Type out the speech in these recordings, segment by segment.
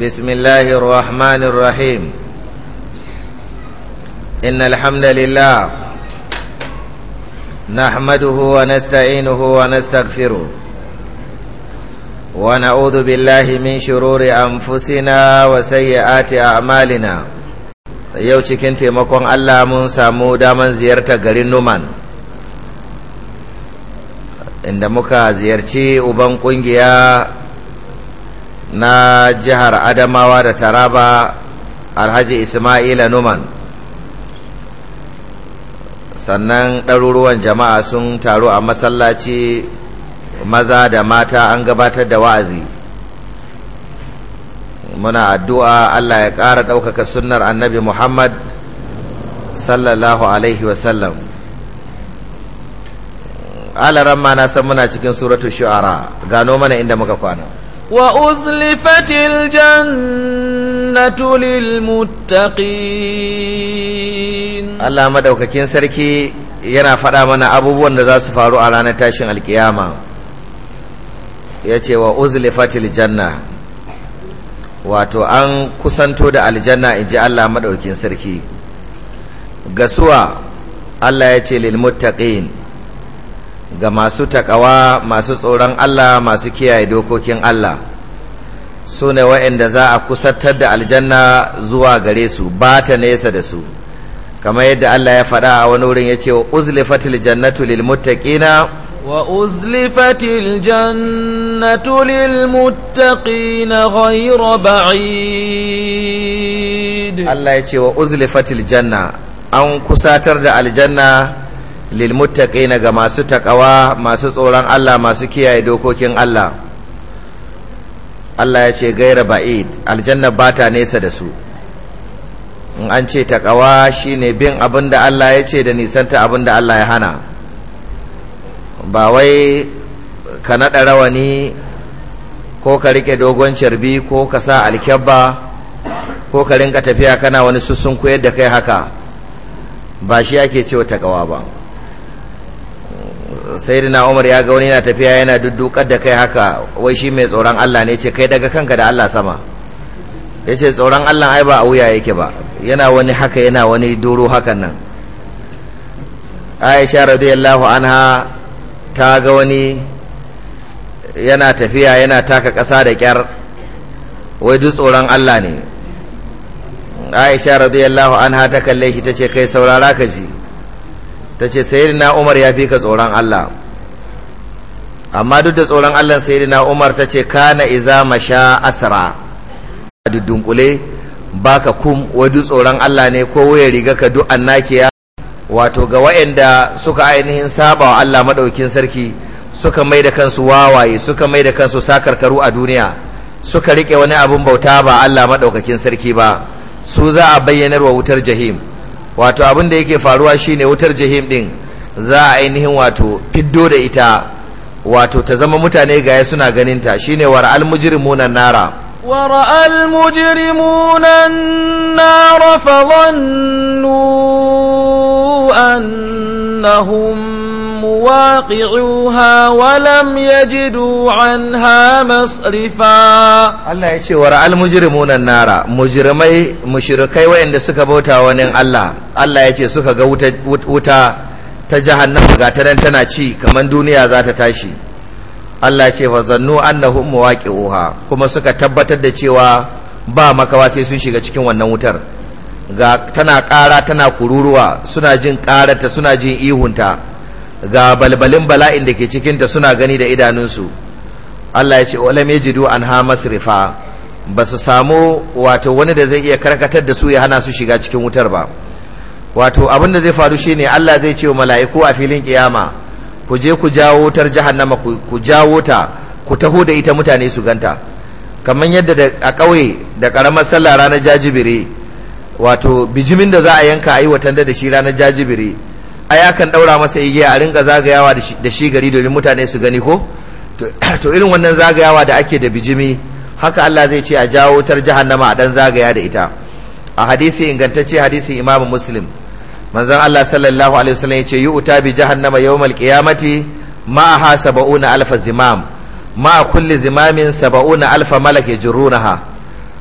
بسم الله الرحمن الرحيم إن الحمد لله نحمده ونستعينه ونستغفره ونعوذ بالله من شرور أنفسنا وسيئات أعمالنا yau cikin taimakon Allah mun samu daman ziyarta garin Numan inda muka ziyarci uban kungiya na jihar adamawa da taraba alhaji ismaila numan sannan ɗaruruwan jama'a sun taru a masallaci maza da mata an gabatar da wa'azi muna addu'a allah ya ƙara ɗaukaka sunnar annabi muhammad sallallahu alaihi wasallam alaran ma na san muna cikin suratu shu'ara gano mana inda muka kwana وأزلفت الجنة للمتقين الله مدوكاكين سركي yana faɗa mana abubuwan da za su faru a ranar tashin alkiyama ya ce wa uzlifatil janna wato an kusanto da aljanna in ji Allah maɗaukin sarki gasuwa Allah ya ce lil ga masu takawa masu tsoron Allah masu kiyaye dokokin Allah su ne wa'inda za a kusantar da aljanna zuwa gare su ba ta nesa da su kamar yadda Allah ya faɗa a wani wurin ya ce wa uzlifatil jannatu lil muttaqina wa uzlifatil jannatu lil muttaqina ghayra ba'id Allah ya ce wa uzlifatil janna an kusatar da aljanna na ga masu takawa masu tsoron Allah masu kiyaye dokokin Allah Allah ya ce gaira ba'id aljanna bata nesa da su in an ce takawa shine bin abin da Allah ya ce da nisanta abin da Allah ya hana ba wai ka naɗa rawani ko ka rike dogon carbi ko ka sa alkyabba ko ka rinka tafiya kana wani sussun koyar da kai haka ba shi ake cewa takawa ba sayyidina Umar ya ga wani yana tafiya yana duddukar da kai haka wai shi mai tsoron Allah ne ce kai daga kanka da Allah sama ya ce tsoron Allah ai ba a wuya yake ba yana wani haka yana wani doro hakan nan Aisha radiyallahu anha ta ga wani yana tafiya yana taka ƙasa da ƙyar wai duk tsoron Allah ne Aisha radiyallahu anha ta kalle shi ta ce kai saurara ka ji ta ce sayyidina umar ya fi ka tsoron Allah amma duk da tsoron Allah sayyidina umar ta ce ka na iza masha asara a dudunkule ka kum wadu tsoron Allah ne ko wuya riga ka duk annakiya wato ga wayanda suka ainihin saba wa Allah maɗaukin sarki suka mai da kansu wawaye suka mai da kansu sakarkaru a duniya suka rike wani abin bauta ba Allah maɗaukakin sarki ba su za a bayyanar wa wutar jahim wato abin da yake faruwa shine wutar jahim din za a ainihin wato fiddo da ita wato ta zama mutane gaya suna ganinta shine war almujrimuna nara ورأى المجرمون النار فظنوا أنهم واقعوها ولم يجدوا عنها مصرفا الله يشي وراء المجرمون النار مجرمي مشركي وإن سكا بوتا ونين الله الله يشي سكا غوتا تجهنم غاتنا تناشي كمان دنيا ذات تاشي Allah ce fa zannu annahum muwaqi'uha kuma suka tabbatar da cewa ba makawa sai sun shiga cikin wannan wutar ga tana ƙara tana kururuwa suna jin ƙararta suna jin ihunta ga balbalin bala'in da ke cikinta suna gani da idanunsu Allah ya ce jidu an anha masrifa ba su samu wato wani da zai iya karkatar da su ya hana su shiga cikin wutar ba wato abin da zai faru shi ne Allah zai ce wa mala'iku a filin kiyama ku je ku jawo wutar jahannama ku jawo ta ku taho da ita mutane su ganta kamar yadda a ƙauye da karamar sallah ranar jajibire wato bijimin da za a yanka a yi watan da shi ranar jajibire a yakan daura masa igiya a ringa zagayawa da shi gari domin mutane su gani ko to irin wannan zagayawa da ake da bijimi haka Allah zai ce a jawo tar jahannama a dan zagaya da ita a hadisi ingantacce hadisi Imam Muslim manzon Allah sallallahu alaihi wasallam yace uta bi jahannama yawmal qiyamati saba'u na alf zimam ma kulli zimamin 70 alf malak yajrunaha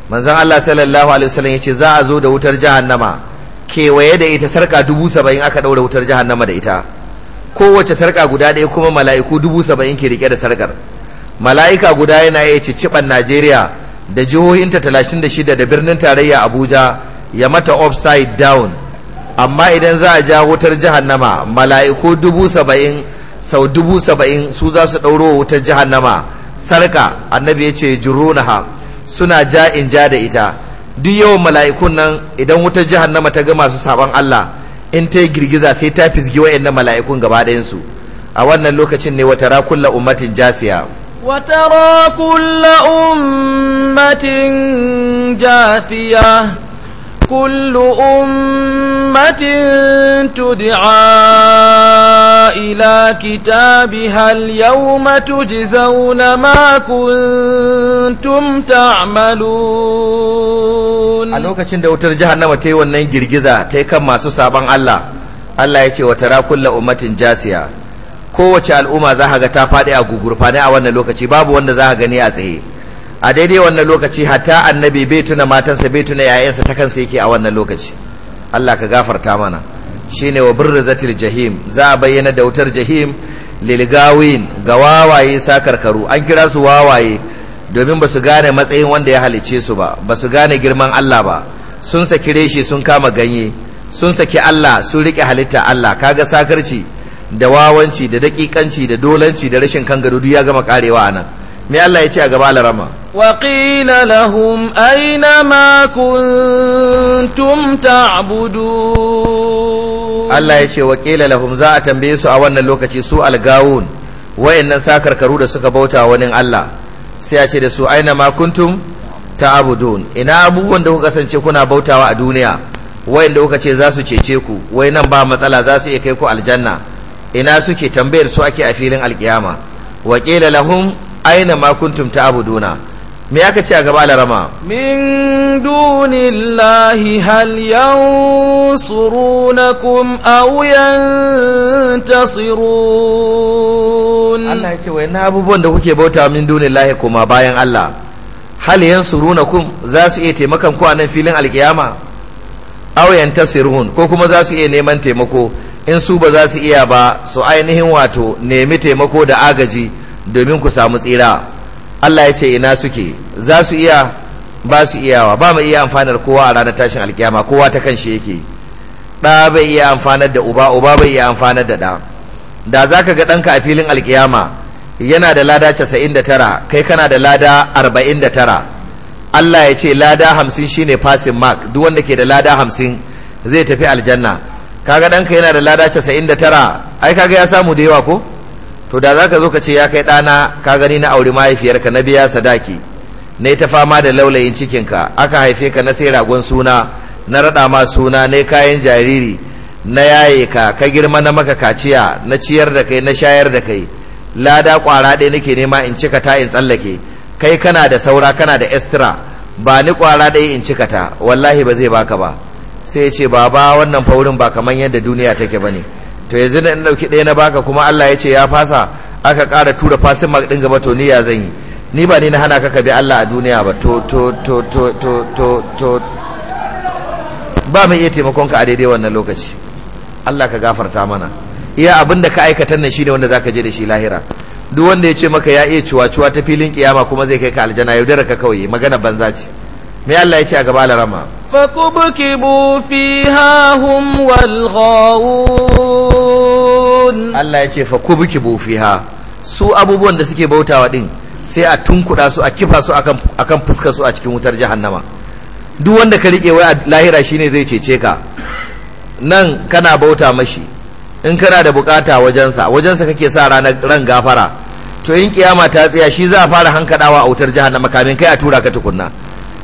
manzon Allah sallallahu alaihi wasallam yace za a zo da wutar jahannama kewaye da ita sarka dubu saba'in aka ɗaura wutar jahannama da ita kowace sarka guda ɗaya kuma mala'iku dubu saba'in ke rike da sarkar mala'ika guda yana iya ciciban najeriya da jihohinta talatin da shida da birnin tarayya abuja ya mata upside down amma idan za a ja wutar jahannama mala'iku dubu saba'in sau dubu saba'in su za su ɗauro wutar jahannama sarka annabi ya ce juronaha suna ja in ja da ita duk yawan mala'ikun nan idan wutar jahannama ta ga masu sabon Allah in ta yi girgiza sai ta fisgi wayannan mala'ikun gaba su a wannan lokacin ne wata rakulla ummatin jasiya wata rakulla ummatin jasiya كل أمة تدعى إلى كتابها اليوم تجزون ما كنتم تعملون a lokacin da wutar jahannama ta yi wannan girgiza ta yi kan masu sabon Allah Allah ya ce wa tara kulla ummatin jasiya kowace al'umma za ga ta faɗi a gugurfa ne a wannan lokaci babu wanda za gani a tsaye a daidai wannan lokaci hatta annabi bai tuna matansa bai tuna yayansa ta kansa yake a wannan lokaci Allah ka gafarta mana shine wa birzatil jahim za a bayyana da wutar jahim lilgawin ga wawaye sakarkaru an kira su wawaye domin ba su gane matsayin wanda ya halice su ba ba su gane girman Allah ba sun saki reshe sun kama ganye sun saki Allah sun rike halitta Allah kaga sakarci da wawanci da dakikanci da dolanci da rashin kan gado ya gama karewa nan. me Allah ya ce a gaba larama waƙila lahum aina ma kuntum ta'budu Allah ya ce waƙila lahum za a tambaye su a wannan lokaci su algawun wayannan sakarkaru da suka bauta wani Allah sai a ce da su aina ma kuntum ta'budun ina abubuwan da kuka kasance kuna bautawa a duniya wayanda kuka ce za su cece ku Wai nan ba matsala za su iya kai ku aljanna ina suke tambayar su ake a filin alkiyama waƙila lahum aina ma kuntum ta'buduna me aka ce a gaba larama min dunillahi hal yansurunakum aw yantasirun Allah ya ce wai na abubuwan da kuke bauta min dunillahi kuma bayan Allah hal yansurunakum za su iya taimakan ku a nan filin alkiyama aw yantasirun ko kuma za su iya neman taimako in su ba za su iya ba su ainihin wato nemi taimako da agaji domin ku samu tsira Allah ya ce ina suke za su iya ba su iyawa ba mai iya amfanar kowa a ranar tashin alkiyama kowa ta kan shi yake ɗa bai iya amfanar da uba uba bai iya amfanar da ɗa da za ka ga ɗanka a filin alkiyama yana da lada casa'in da tara kai kana da lada arba'in da tara Allah ya ce lada hamsin shine passing mark duk wanda ke da lada hamsin zai tafi aljanna kaga ɗanka yana da lada casa'in da tara ai kaga ya samu da yawa ko to da za ka zo ka ce ya kai ɗana ka gani na auri mahaifiyarka na biya sadaki ne ta fama da laulayin cikinka aka haife ka na sai ragon suna na raɗa ma suna ne kayan jariri na yaye ka ka girma na maka kaciya na ciyar da kai na shayar da kai lada ƙwara ɗaya nake nema in cika ta in tsallake kai kana da saura kana da extra ba ni ƙwara ɗaya in cika ta wallahi ba zai baka ba sai ya ce baba wannan faurin ba kamar yadda duniya take ba ne to yanzu na ɗauki dauki ɗaya na baka kuma Allah ya ce ya fasa aka ƙara tura fasin mark ɗin gaba to ni ya zan yi ni ba ni na hana ka ka bi Allah a duniya ba to to to to to to to ba mai iya taimakon ka a daidai wannan lokaci Allah ka gafarta mana iya abin da ka aikatan nan shine wanda zaka je da shi lahira duk wanda ya ce maka ya iya cuwa-cuwa ta filin kiyama kuma zai kai ka aljana yaudara ka kawai magana banza ce me Allah ya ce a gaba larama fakubukibu fi hum wal Allah ya ce fakubukibu ha su abubuwan da suke bautawa din sai a tunkuda su a kifa su akan akan fuskar su a cikin wutar jahannama duk wanda ka riƙe wai a lahira shine zai cece ka nan kana bauta mashi in kana da bukata wajensa wajensa kake sa ranar ran gafara to in kiyama ta tsaya shi za a fara hankadawa a wutar jahannama kamin kai a tura ka tukunna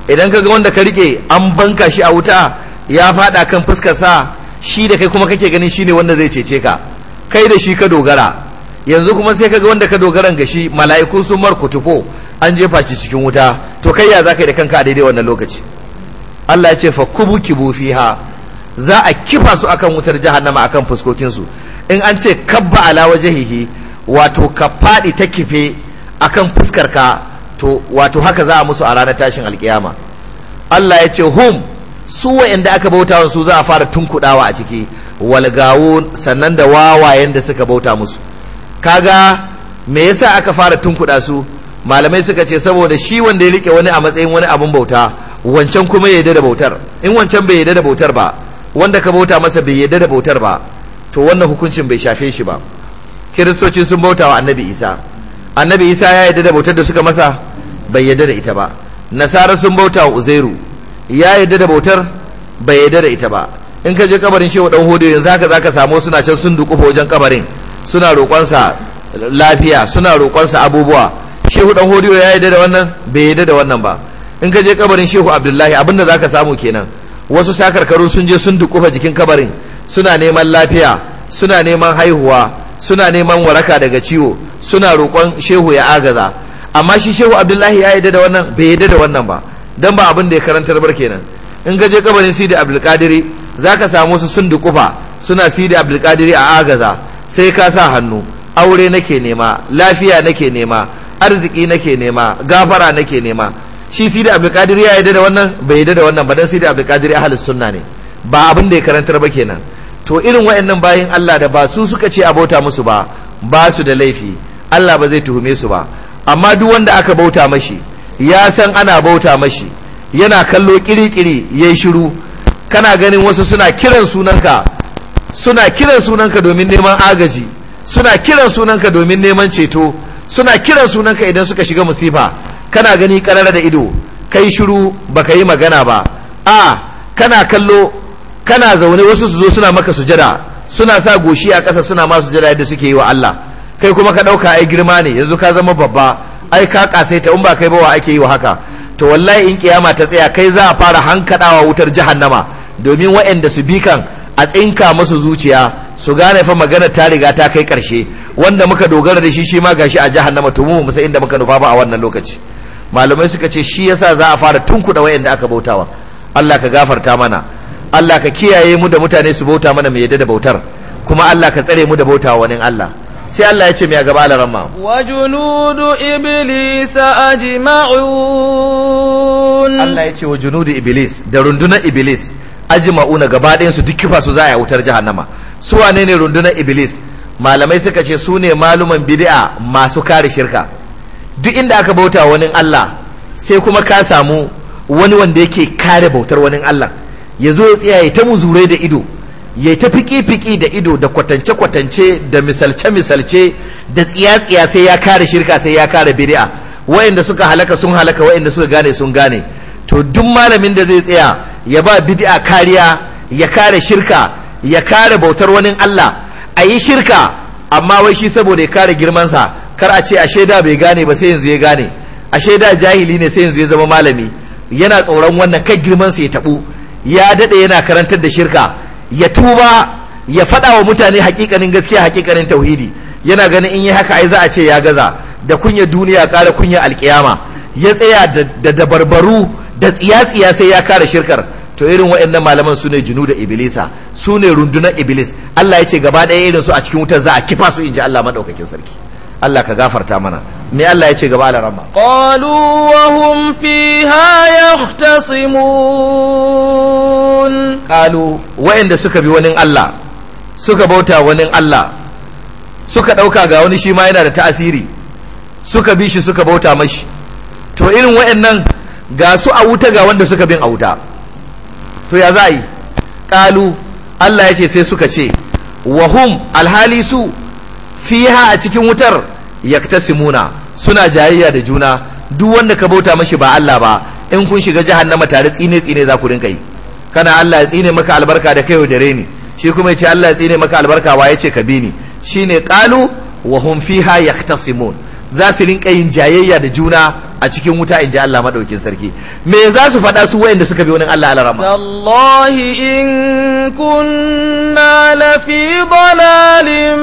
idan ka ga wanda ka rike an banka shi a wuta ya fada kan fuskar sa shi da kai kuma kake ganin shine wanda zai cece ka kai da shi ka dogara yanzu kuma sai ka ga wanda ka dogaran ga shi mala'iku sun mar kutufo an jefa shi cikin wuta to kai ya za ka yi da kanka a daidai wannan lokaci Allah ya ce fa kubu kibu fiha za a kifa su akan wutar jahannama akan su in an ce kabba ala wajhihi wato ka fadi ta kife akan fuskar ka to wato haka za a musu a ranar tashin alkiyama Allah ya ce hum su wa'anda aka bauta wa su za a fara tunkudawa a ciki walgawo sannan da wawayen da suka bauta musu kaga me yasa aka fara tunkuda su malamai suka ce saboda shi wanda ya rike wani a matsayin wani abun bauta wancan kuma ya yarda da bautar in wancan bai yarda da bautar ba wanda ka bauta masa bai yarda da bautar ba to wannan hukuncin bai shafe shi ba kiristoci sun bauta wa annabi isa annabi isa ya yarda da bautar da suka masa bai yadda da ita ba nasara sun bauta wa uzairu ya yadda da bautar bai yadda da ita ba in ka je kabarin shehu dan hodo yanzu haka zaka samu suna can sun duƙufa wajen kabarin suna roƙonsa lafiya suna roƙonsa abubuwa shehu dan hodo ya yadda da wannan bai yadda da wannan ba in ka je kabarin shehu abdullahi abinda zaka samu kenan wasu sakarkaru sun je sun duƙufa jikin kabarin suna neman lafiya suna neman haihuwa suna neman waraka daga ciwo suna roƙon shehu ya agaza amma shi shehu abdullahi ya yadda da wannan bai yadda da wannan ba don ba abin da ya karantar bar kenan in ka je kabarin sidi abdulkadiri za ka samu su sun dukufa suna sidi abdulkadiri a agaza sai ka sa hannu aure nake nema lafiya nake nema arziki nake nema gafara nake nema shi sidi abdulkadiri ya yadda da wannan bai yadda da wannan ba don sidi abdulkadir ahlus sunna ne ba abin da ya karantar ba kenan to irin wayannan bayin Allah da ba su suka ce abota musu ba ba su da laifi Allah ba zai tuhume su ba amma duk wanda aka bauta mashi ya san ana bauta mashi yana kallo kirikiri ya yi shiru kana ganin wasu suna kiran sunanka suna kiran sunanka domin neman agaji suna kiran sunanka domin neman ceto suna kiran sunanka idan suka shiga musifa kana gani karara da ido kai shiru baka yi magana ba a kana kallo kana zaune wasu su zo suna maka sujada suna sa goshi a ƙasa suna masu sujada yadda suke yi wa Allah kai kuma ka ɗauka ai girma ne yanzu ka zama babba ai ka kasaita in ba kai bawa ake yi wa haka to wallahi in kiyama ta tsaya kai za a fara hankadawa wutar jahannama domin waɗanda su bi kan a tsinka musu zuciya su gane fa magana ta riga ta kai karshe wanda muka dogara da shi shi ma gashi a jahannama to mu musa inda muka nufa ba a wannan lokaci malamai suka ce shi yasa za a fara tunkuɗa waɗanda aka bautawa Allah ka gafarta mana Allah ka kiyaye mu da mutane su bauta mana mai yadda da bautar kuma Allah ka tsare mu da bautawa wani Allah sai Allah ya ce mai gaba da ramma wa junudu iblis ajma'un Allah ya ce wa junudu iblis da rundunar iblis a jima'una gaba ɗayansu su duk kifa su za a wutar jahannama su wane ne rundunar iblis malamai suka ce su ne maluman bid'a masu kare shirka duk inda aka bauta wani Allah sai kuma ka samu wani wanda yake kare bautar wani Allah ya zo ya tsaya ya ta muzurai da ido ya ta fiki-fiki da ido da kwatance-kwatance da misalce-misalce da tsiya-tsiya sai ya kare shirka sai ya kare bid'a wayanda suka halaka sun halaka wayanda suka gane sun gane to duk malamin da zai tsaya ya ba bid'a kariya ya kare shirka ya kare bautar wani Allah a yi shirka amma wai shi saboda ya kare girmansa kar a ce a shaida bai gane ba sai yanzu ya gane a shaida jahili ne sai yanzu ya zama malami yana tsoron wannan kai girmansa ya taɓo ya daɗe yana karantar da shirka ya tuba ya faɗa wa mutane hakikanin gaskiya hakikanin tauhidi yana ganin in yi haka ai za a ce ya gaza da kunya duniya kara kunya alkiyama ya tsaya da dabarbaru da tsiya-tsiya sai ya kara shirkar to irin waɗannan malaman su ne junu da ibilisa su ne rundunar iblis Allah ya ce gaba ɗaya irin su a cikin wutar za a kifa su in ji Allah maɗaukakin sarki Allah ka gafarta mana me Allah ya ce gaba da rama qalu wa hum fiha yahtasimun qalu wa'anda suka bi wani Allah suka bauta wani Allah suka dauka ga wani shi ma yana da ta'asiri suka bi shi suka bauta mashi to irin wa'annan ga su a wuta ga wanda suka bin a wuta to ya za yi qalu Allah ya ce sai suka ce wa alhali su fiha a cikin wutar yaktasimuna suna jayayya da juna duk wanda ka bauta mashi ba Allah ba in kun shiga jahannama tare tsine tsine za ku rinka yi kana Allah ya tsine maka albarka da kai dare ni shi kuma yace Allah ya tsine maka albarka wa yace ka bi ni shine qalu wa hum fiha yaktasimun za su rinka yin jayayya da juna a cikin wuta in ji Allah maɗaukin sarki me za su faɗa su wayanda suka bi wani Allah alarama Allahi in kunna lafi dalalin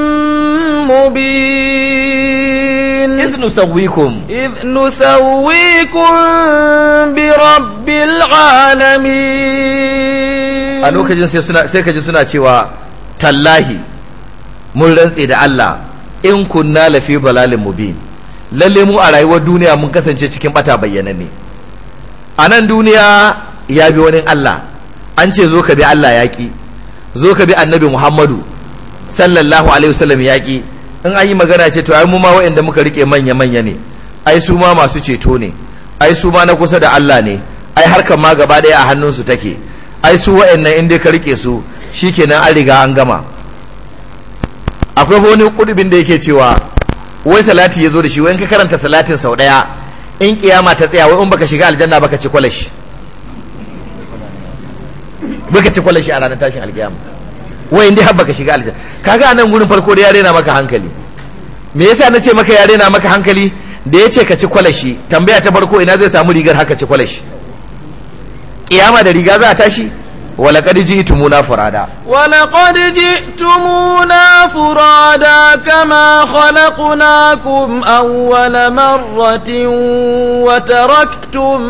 mubin iz nusawwikum iz nusawwikum bi rabbil alamin a lokacin sai suna sai kaji suna cewa tallahi mun rantse da Allah in kunna lafi dalalin mubin lalle mu a rayuwar duniya mun kasance cikin bata ne a nan duniya ya bi wani Allah an ce zo ka bi Allah yaƙi zo ka bi annabi Muhammadu sallallahu alaihi wasallam yaƙi in an yi magana ce to ai mu ma waɗanda muka rike manya manya ne ai su ma masu ceto ne ai su ma na kusa da Allah ne ai harkar ma gaba daya a hannunsu take ai su waɗannan in dai ka rike su shi shikenan an riga an gama akwai wani kudubin da yake cewa wai salati ya zo da shi wai in ka karanta salatin sau ɗaya in kiyama ta tsaya wai in baka shiga aljanna baka ci kwalashi baka ci kwalashi a ranar tashin alkiyama wai in dai har baka shiga aljanna kaga a nan gurin farko da ya rena maka hankali me yasa na ce maka ya rena maka hankali da ya ce ka ci kwalashi tambaya ta farko ina zai samu rigar haka ci kwalashi kiyama da riga za a tashi ولقد جئتمونا فرادا ولقد جئتمونا فرادا كما خلقناكم أول مرة وتركتم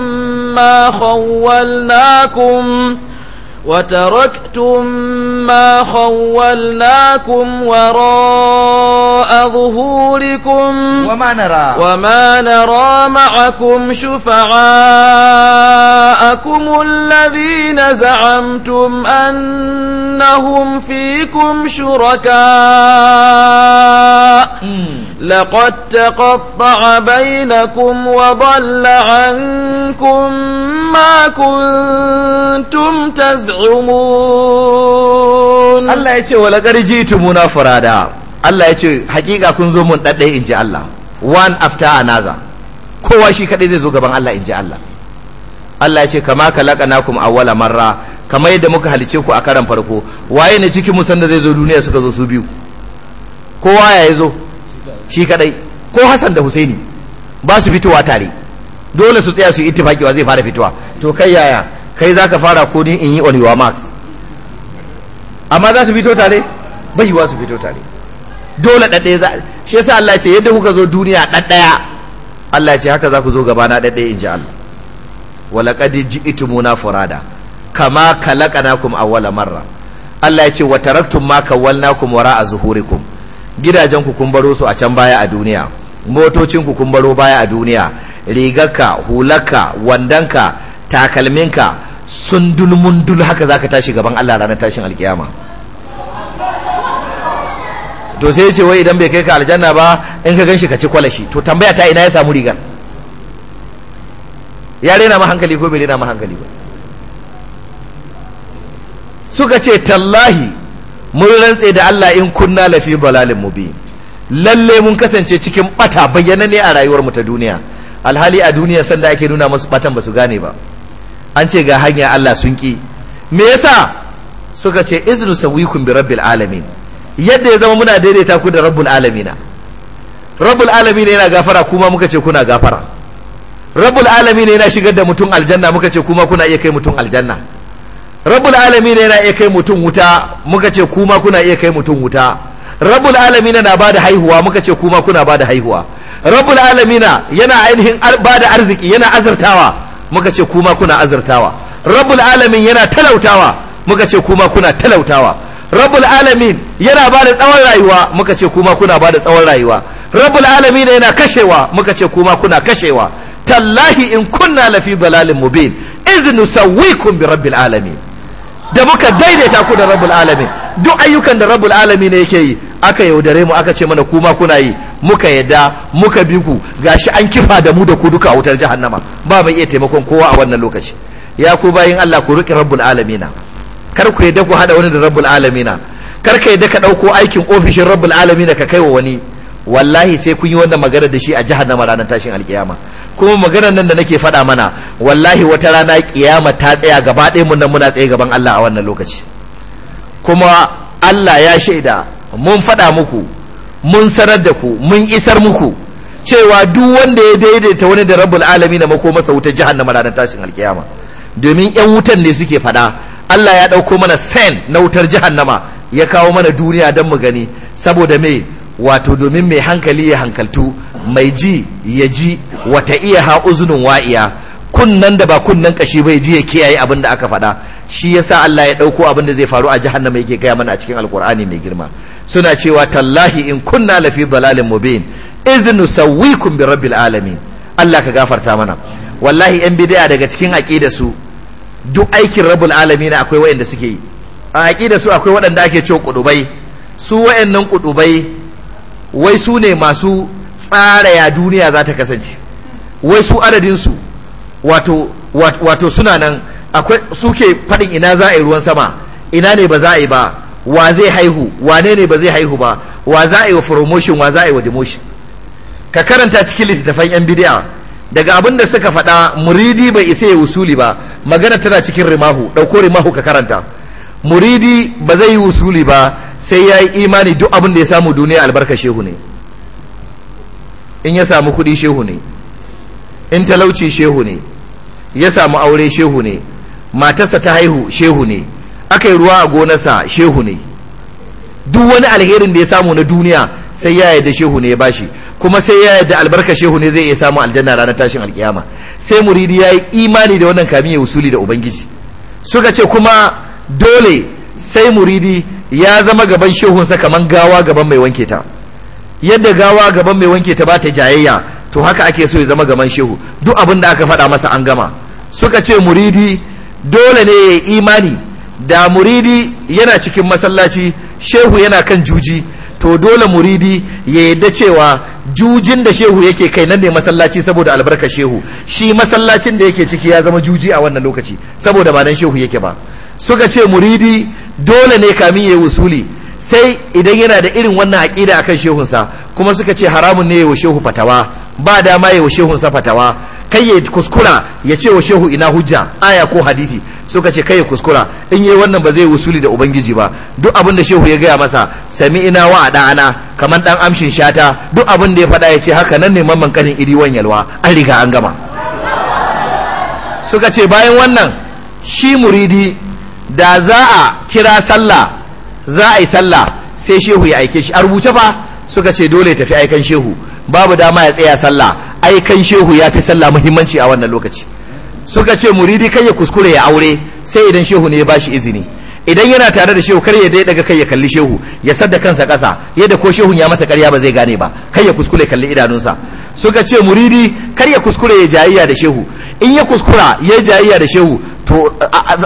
ما خولناكم وتركتم ما خولناكم وراء ظهوركم وما نرى وما نرى معكم شفعاءكم الذين زعمتم أنهم فيكم شركاء لقد تقطع بينكم وضل عنكم ما كنتم تزعمون الله يتي ولقد جئتمونا فرادا Allah ya ce hakika kun zo mun ɗaɗɗaya in ji Allah one after another kowa shi kaɗai zai zo gaban Allah in ji Allah Allah ya ce kama kalaqanakum awwala marra kamar yadda muka halice ku a karan farko waye ne cikin musan da zai zo duniya suka zo su biyu kowa ya zo shi kadai ko Hassan da Husaini ba su fitowa tare dole su tsaya su yi ittifaki wa zai fara fitowa to kai yaya kai za ka fara ko ni in yi oliwa max amma za su fito tare bai yiwa su fito tare dole ɗaɗɗaya za shi yasa Allah ce yadda kuka zo duniya ɗaɗɗaya Allah ce haka za ku zo gaba na ɗaɗɗaya in ji Allah walaƙad ji'tumuna furada kama khalaqnakum awwala marra Allah ya ce wa taraktum ma kawwalnakum wara'a zuhurikum gidajen ku su a can baya a duniya motocin ku baya a duniya rigarka hularka wandanka takalminka sun dulmundul haka zaka tashi gaban Allah ranar tashin alkiyama to sai ce wai idan bai kai ka aljanna ba in ka ganshi ka ci kwalashi to tambaya ta ina ya samu rigar ya rena ma hankali ko bai rena ma hankali ba suka ce tallahi mun rantse da Allah in kunna lafi dalalin mubi lalle mun kasance cikin bata bayyana ne a rayuwar mu ta duniya alhali a duniya sanda ake nuna musu batan ba su gane ba an ce ga hanya Allah sun ki me yasa suka ce iznu sawikum bi rabbil alamin yadda ya zama muna daidaita ku da rabbul alamina rabbul alamina yana gafara kuma muka ce kuna gafara rabbul alamina yana shigar da mutum aljanna muka ce kuma kuna iya kai mutum aljanna rabbul ne yana iya kai mutum wuta muka ce kuma kuna iya kai mutum wuta rabbul alami na ba da haihuwa muka ce kuma kuna ba da haihuwa rabbul na yana ainihin ba da arziki yana azurtawa muka ce kuma kuna azurtawa rabbul alamin yana talautawa muka ce kuma kuna talautawa rabbul alamin yana da tsawon rayuwa muka ce kuma kuna ba da tsawon rayuwa rabbul na yana kashewa muka ce kuma kuna kashewa tallahi in kunna lafi balalin mubin iznu sawwikum bi rabbil alamin da muka daidaita ku da rabbul alamin duk ayyukan da rabbul alamin ne yake yi aka yaudare mu aka ce mana kuma kuna yi muka yadda muka bi ku gashi an kifa da mu da ku duka a wutar jahannama ba mai iya taimakon kowa a wannan lokaci ya ku bayin Allah ku riƙe rabbul alamina kar ku yadda ku hada wani da rabbul alamina kar ka yadda ka ɗauko aikin ofishin rabbul alamina ka kai wa wani wallahi sai kun yi wannan magana da shi a jihar nama ranar tashin alkiyama kuma maganar nan da nake faɗa mana wallahi wata rana kiyama ta tsaya gaba ɗaya mun nan muna tsaye gaban Allah a wannan lokaci kuma Allah ya shaida mun faɗa muku mun sanar da ku mun isar muku cewa duk wanda ya daidaita wani da rabbul alami na mako masa jihar nama ranar tashin alkiyama domin yan wutan ne suke faɗa Allah ya ɗauko mana sen na wutar jihar jahannama ya kawo mana duniya don mu gani saboda me wato domin mai hankali ya hankaltu mai ji ya ji wata iya ha uzunin wa'iya kunnan da ba kunnan kashi bai ji ya kiyaye abin da aka faɗa shi yasa Allah ya ɗauko abin da zai faru a jahannama yake gaya mana a cikin alkur'ani mai girma suna cewa tallahi in kunna lafi dalalin mubin izinu sawwikum bi rabbil alamin Allah ka gafarta mana wallahi yan bid'a daga cikin aqida su duk aikin rabbul alamin akwai da suke yi a aqida su akwai waɗanda ake cewa kudubai su waɗannan kudubai wai su ne masu tsara ya duniya za ta kasance wai su adadinsu wato suna nan akwai suke faɗin ina za a yi ruwan sama ina ne ba za a yi ba wa zai haihu wane ne ba zai haihu ba wa za a yi wa promotion wa za a yi wa demotion ka karanta cikin littattafan yan bidiya daga abin da suka faɗa muridi bai isa ya wusuli ba magana tana cikin rimahu ɗauko rimahu ka karanta muridi ba zai yi usuli ba sai ya yi imani duk abin da ya samu duniya albarka shehu ne in ya samu kuɗi shehu ne in talauci shehu ne ya samu aure shehu ne matarsa ta haihu shehu ne aka yi ruwa a gonarsa shehu ne duk wani alherin da ya samu na duniya sai ya yarda shehu ne ya bashi kuma sai ya yarda albarka shehu ne zai iya samu aljanna ranar tashin alkiyama sai muridi ya yi imani da wannan kamin ya usuli da ubangiji suka ce kuma dole sai muridi ya zama gaban shehunsa kamar gawa gaban mai wanke ta yadda gawa gaban mai wanke ta ba ta jayayya to haka ake so ya zama gaban shehu duk abin da aka faɗa masa an gama suka ce muridi dole ne ya yi imani da muridi yana cikin masallaci shehu yana kan juji to dole muridi ya yadda cewa jujin da shehu yake kai nan ne masallaci saboda albarkar shehu shi masallacin da yake ciki ya zama juji a wannan lokaci saboda ba nan shehu yake ba suka ce muridi dole ne kamin ya yi wasuli sai idan yana da irin wannan aƙida kan shehunsa kuma suka ce haramun ne ya wa shehu fatawa ba dama ya wa shehunsa fatawa kai ya kuskura ya ce wa shehu ina hujja aya ko hadisi suka ce kai ya kuskura in yi wannan ba zai wasuli da ubangiji ba duk abin da shehu ya gaya masa sami ina wa a ɗana kamar ɗan amshin shata duk abin da ya faɗa ya ce haka nan ne mamman kanin iri yalwa an riga an gama suka ce bayan wannan shi muridi da za a kira sallah za a yi sallah sai shehu ya aike shi a rubuce fa suka ce dole tafi aikan shehu babu dama ya tsaya sallah aikan shehu ya fi sallah muhimmanci a wannan lokaci suka ce muridi kan ya kuskure ya aure sai idan shehu ne ya ba shi izini idan yana tare da shehu kar ya dai daga kai ya kalli shehu ya sadda kansa kasa yadda ko shehu ya masa karya ba zai gane ba kar ya kuskure kalli idanunsa suka ce muridi kar ya kuskure ya jayayya da shehu in ya kuskura ya jayayya da shehu to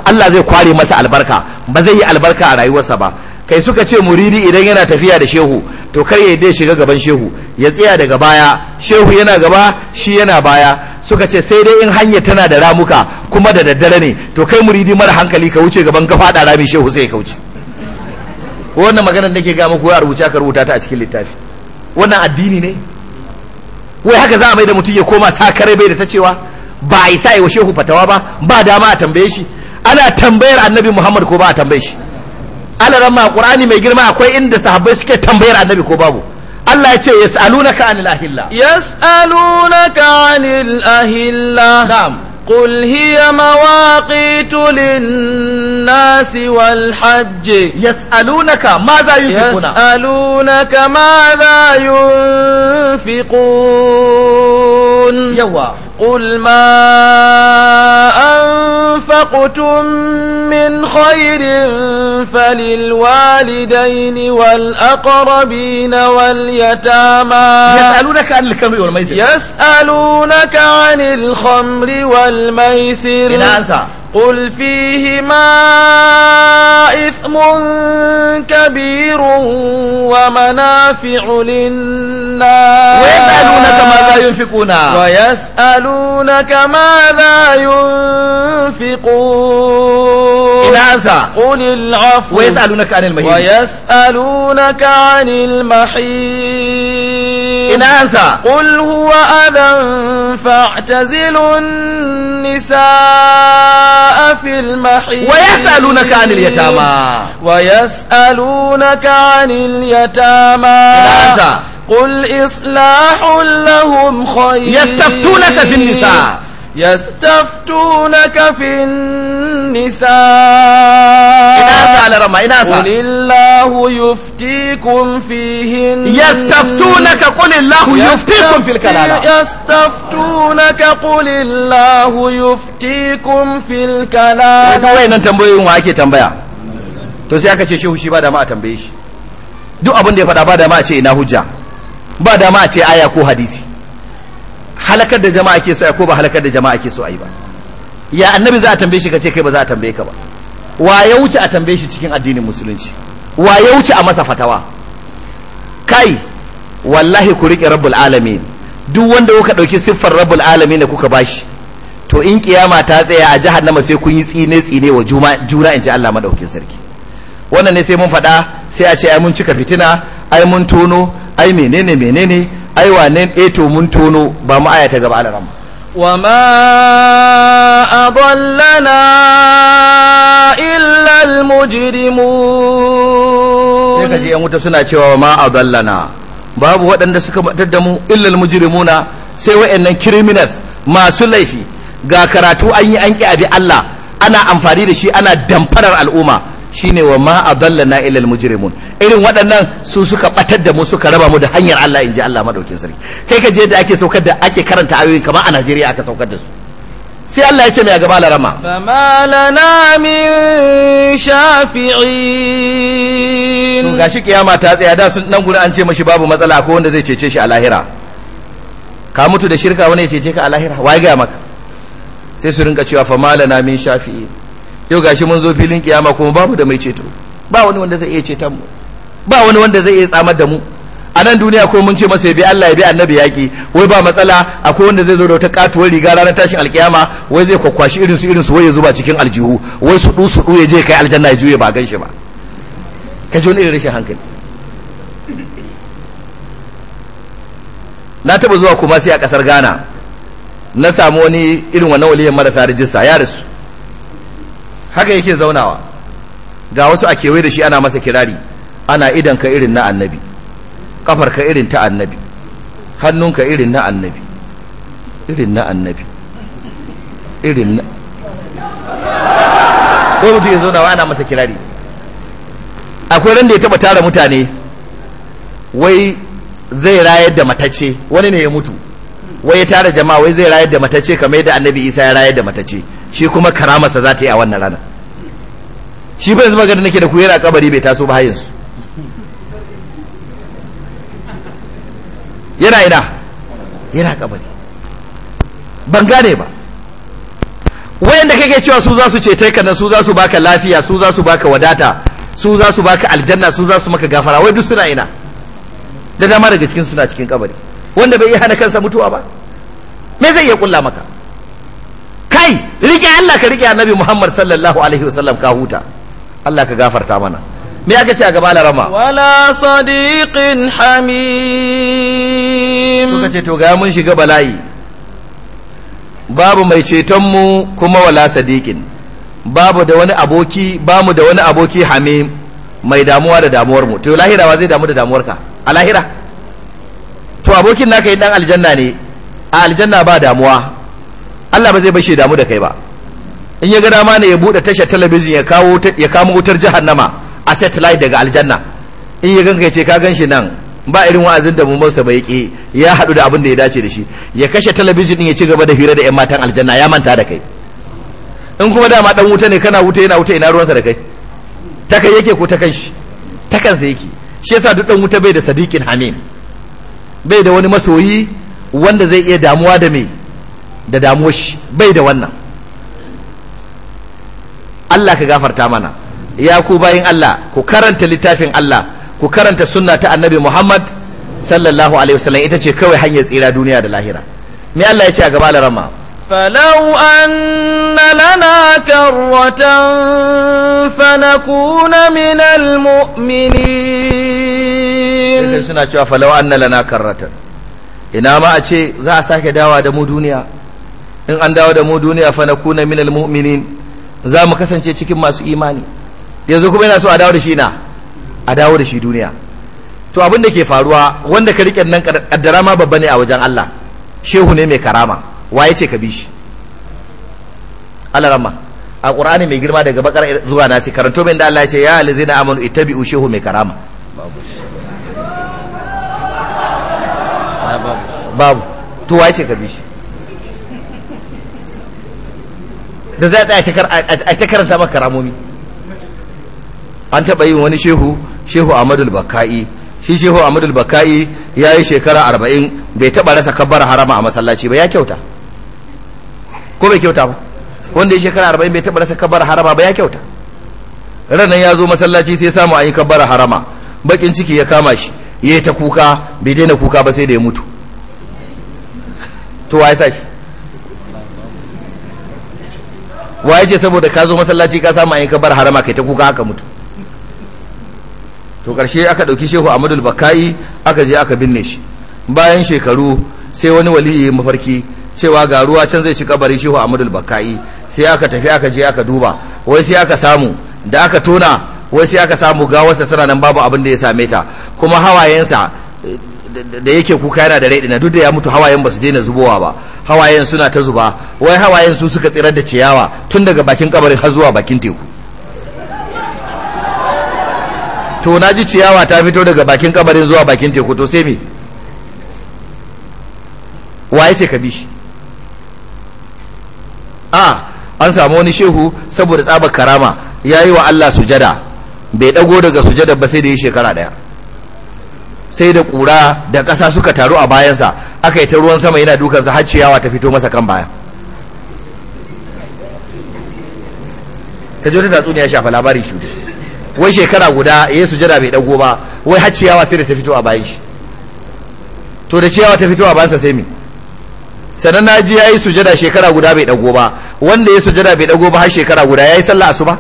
Allah zai kware masa albarka ba zai yi albarka a rayuwarsa ba kai suka ce muridi idan yana tafiya da shehu to kar ya dai shiga gaban shehu ya tsaya daga baya shehu yana gaba shi yana baya suka ce sai dai in hanya tana da ramuka kuma da daddare ne to kai muridi mara hankali ka wuce gaban ka fada rami shehu sai ka wuce wannan maganar nake ga muku ya rubuta ka rubuta ta a cikin littafi wannan addini ne wai haka za a mai da mutum ya koma sakare bai da ta cewa ba a isa yi wa shehu fatawa ba ba dama a tambaye shi ana tambayar annabi muhammad ko ba a tambaye shi alaran ma qur'ani mai girma akwai inda sahabbai suke tambayar annabi ko babu Allah ya ce yas'alunaka anil ahilla yas'alunaka anil ahilla na'am قل هي مواقيت للناس والحج يسألونك ماذا ينفقون يسألونك ماذا ينفقون تنفقون يوا قل ما أنفقتم من خير فللوالدين والأقربين واليتامى يسألونك عن الخمر والميسر يسألونك عن الخمر والميسر قل فيهما إثم كبير ومنافع للناس ويسألونك ماذا ينفقون ويسألونك ماذا ينفقون إلى قل العفو ويسألونك عن المحيط ويسألونك عن المحيط إن أنسى قل هو أذى فاعتزلوا النساء في المحيط ويسألونك عن اليتامى ويسألونك عن اليتامى قل إصلاح لهم خير يستفتونك في النساء يستفتونك في النساء النساء قل الله يفتيكم فيهن يستفتونك قل الله يفتيكم في الكلالة يستفتونك قل الله يفتيكم في الكلالة وين أنت وعيك aka ce shi ba dama a tambaye shi duk ya faɗa ba a ce aya ko hadisi halakar da jama'a ke so ko ba halakar da jama'a ke so ayi ba ya annabi za a tambaye shi ka ce kai ba za a tambaye ka ba wa ya wuce a tambaye shi cikin addinin musulunci wa ya wuce a masa fatawa kai wallahi ku riƙe rabbul alamin duk wanda kuka ɗauki siffar rabbul alamin da kuka bashi to in kiyama ta tsaya a jahannama sai kun yi tsine tsine wa juna in ji Allah madaukin sarki wannan ne sai mun faɗa sai a ce ai mun cika fitina ai mun tono ai menene menene ai wane eto eh mun tono ba mu aya ta gaba alaramma وما أضلنا إلا المجرمون sai ka ‘yan wuta suna cewa ma a babu waɗanda suka batar da mu illal mujrimuna sai waɗannan criminals masu laifi ga karatu an yi an ƙi abi Allah ana amfani da shi ana damfarar al'umma shine wa ma adallana illa almujrimun irin waɗannan su suka batar da mu suka raba mu da hanyar Allah inji Allah madaukin sarki kai ka je da ake saukar da ake karanta ayoyi kamar a Najeriya aka saukar da su sai Allah ya ce mai a gaba larama fama lana min shafi'in to gashi kiyama ta tsaya da sun nan gurin an ce mashi babu matsala ko wanda zai cece shi a lahira ka mutu da shirka wani ya cece ka a lahira wai ga maka sai su rinka cewa fama lana min shafi'in yau gashi mun zo filin kiyama kuma babu da mai ceto ba wani wanda zai iya ceton mu ba wani wanda zai iya tsamar da mu a nan duniya ko mun ce masa ya bi Allah ya bi annabi yaki wai ba matsala akwai wanda zai zo da wata katuwar riga ranar tashin alkiyama wai zai kwakwashi irin su irin su wai ya zuba cikin aljihu wai su du su du ya je kai aljanna ya juye ba gan shi ba ka ji wani irin rashin hankali na taba zuwa kuma sai a kasar Ghana na samu wani irin wannan waliyan marasa rijista ya rasu haka yake zaunawa ga wasu a kewaye da shi ana masa kirari ana idan ka irin na annabi kafar ka irin ta annabi hannun ka irin na annabi irin na annabi irin na ko mutum ya zaunawa ana masa kirari akwai ran da ya taba tara mutane wai zai rayar da matace wani ne ya mutu wai ya tara jama'a wai zai rayar da matace kamar yadda annabi isa ya rayar da matace. shi kuma karamarsa za ta yi a wannan rana shi ba yanzu gani nake da ku yana kabari bai taso ba yanzu yana ina yana kabari ban gane ba da kake cewa su za su ce taika nan su za su baka lafiya su za su baka wadata su za su baka aljanna su za su maka gafara wai duk suna ina da dama daga cikin suna cikin kabari wanda bai yi hana kansa mutuwa ba me zai iya kulla maka kai rike Allah ka rike annabi Muhammad sallallahu alaihi wasallam ka huta Allah ka gafarta mana me aka ce a gaba larama wala sadiqin hamim suka ce to ga mun shiga bala'i babu mai ceton mu kuma wala sadiqin babu da wani aboki bamu da wani aboki hamim mai damuwa da damuwar mu to lahira wa zai damu da damuwar ka a lahira to abokin naka yin dan aljanna ne a aljanna ba damuwa Allah ba zai bashe damu da kai ba in ya ga dama ne ya bude tashar talabijin ya kawo ya kama wutar jahannama a satellite daga aljanna in ya ganka ya ce ka ganshi nan ba irin wa'azin da mu bai ki ya hadu da abin da ya dace da shi ya kashe talabijin din ya ci gaba da hira da 'yan matan aljanna ya manta da kai in kuma dama dan wuta ne kana wuta yana wuta ina ruwansa da kai ta kai yake ko ta kanshi shi ta kansa yake shi yasa duk dan wuta bai da sadiqin hamim bai da wani masoyi wanda zai iya damuwa da mai da damuwar shi bai da wannan Allah ka gafarta mana ya ku bayin Allah ku karanta littafin Allah ku karanta sunna ta annabi Muhammad sallallahu alaihi wasallam ita ce kawai hanyar tsira duniya da lahira me Allah ya ce a gaba larama فلو أن لنا كرة فنكون من المؤمنين suna cewa falau anna lana ina ma a ce za a sake dawa da mu duniya in an dawo da mu duniya fa kuna minal mu'minin za mu kasance cikin masu imani yanzu kuma yana so a dawo da shi na a dawo da shi duniya to abin da ke faruwa wanda ka riƙe nan kaddara ma babba ne a wajen Allah shehu ne mai karama waye ce ka bi shi Allah rama a Qur'ani mai girma daga bakar zuwa nasi karanto min da Allah ya ce ya allazina amanu ittabi'u shehu mai karama babu babu to waye ce ka bi shi da za a ta karanta maka karamomi an taɓa yin wani shehu shehu ahmadul baka'i shi shehu ahmadul baka'i ya yi shekara arba'in bai taɓa rasa kabbar harama a masallaci ba ya kyauta ko bai kyauta ba wanda ya shekara arba'in bai taɓa rasa kabbar harama ba ya kyauta ranar ya zo masallaci sai samu a yi kabbar harama bakin ciki ya kama shi ya ta kuka bai daina kuka ba sai da ya mutu to wa ya sa shi wa ya ce saboda ka zo masallaci ka samu ayyuka bar harama kai ta kuka haka mutu to karshe aka ɗauki shehu ahmadu bakai aka je aka binne shi bayan shekaru sai wani waliyi mafarki cewa ga ruwa can zai ci kabarin shehu ahmadu bakai sai aka tafi aka je aka duba wai sai aka samu da aka tona wai sai aka samu gawarsa tana nan babu abin da ya same ta kuma hawayensa da yake kuka yana da rai dina duk da ya mutu hawayen ba su daina zubowa ba hawayen suna ta zuba wai hawayen su suka tsirar da ciyawa tun daga bakin kabarin har zuwa bakin teku to na ji ciyawa ta fito daga bakin kabarin zuwa bakin teku to sai me waye ce ka bi shi a an samu wani shehu saboda tsabar karama ya yi wa Allah sujada bai dago daga sujada ba sai da yi shekara daya sai da ƙura da ƙasa suka taru a bayansa aka yi ta ruwan sama yana dukansa har ciyawa ta fito masa kan baya ta ji wata tatsuniya shafa labari shi wai shekara guda ya sujada bai dago ba wai har ciyawa sai da ta fito a bayan shi to da ciyawa ta fito a bayansa sai me sannan na ji ya yi sujada shekara guda bai dago ba wanda ya sujada bai dago ba har shekara guda ya yi sallah asuba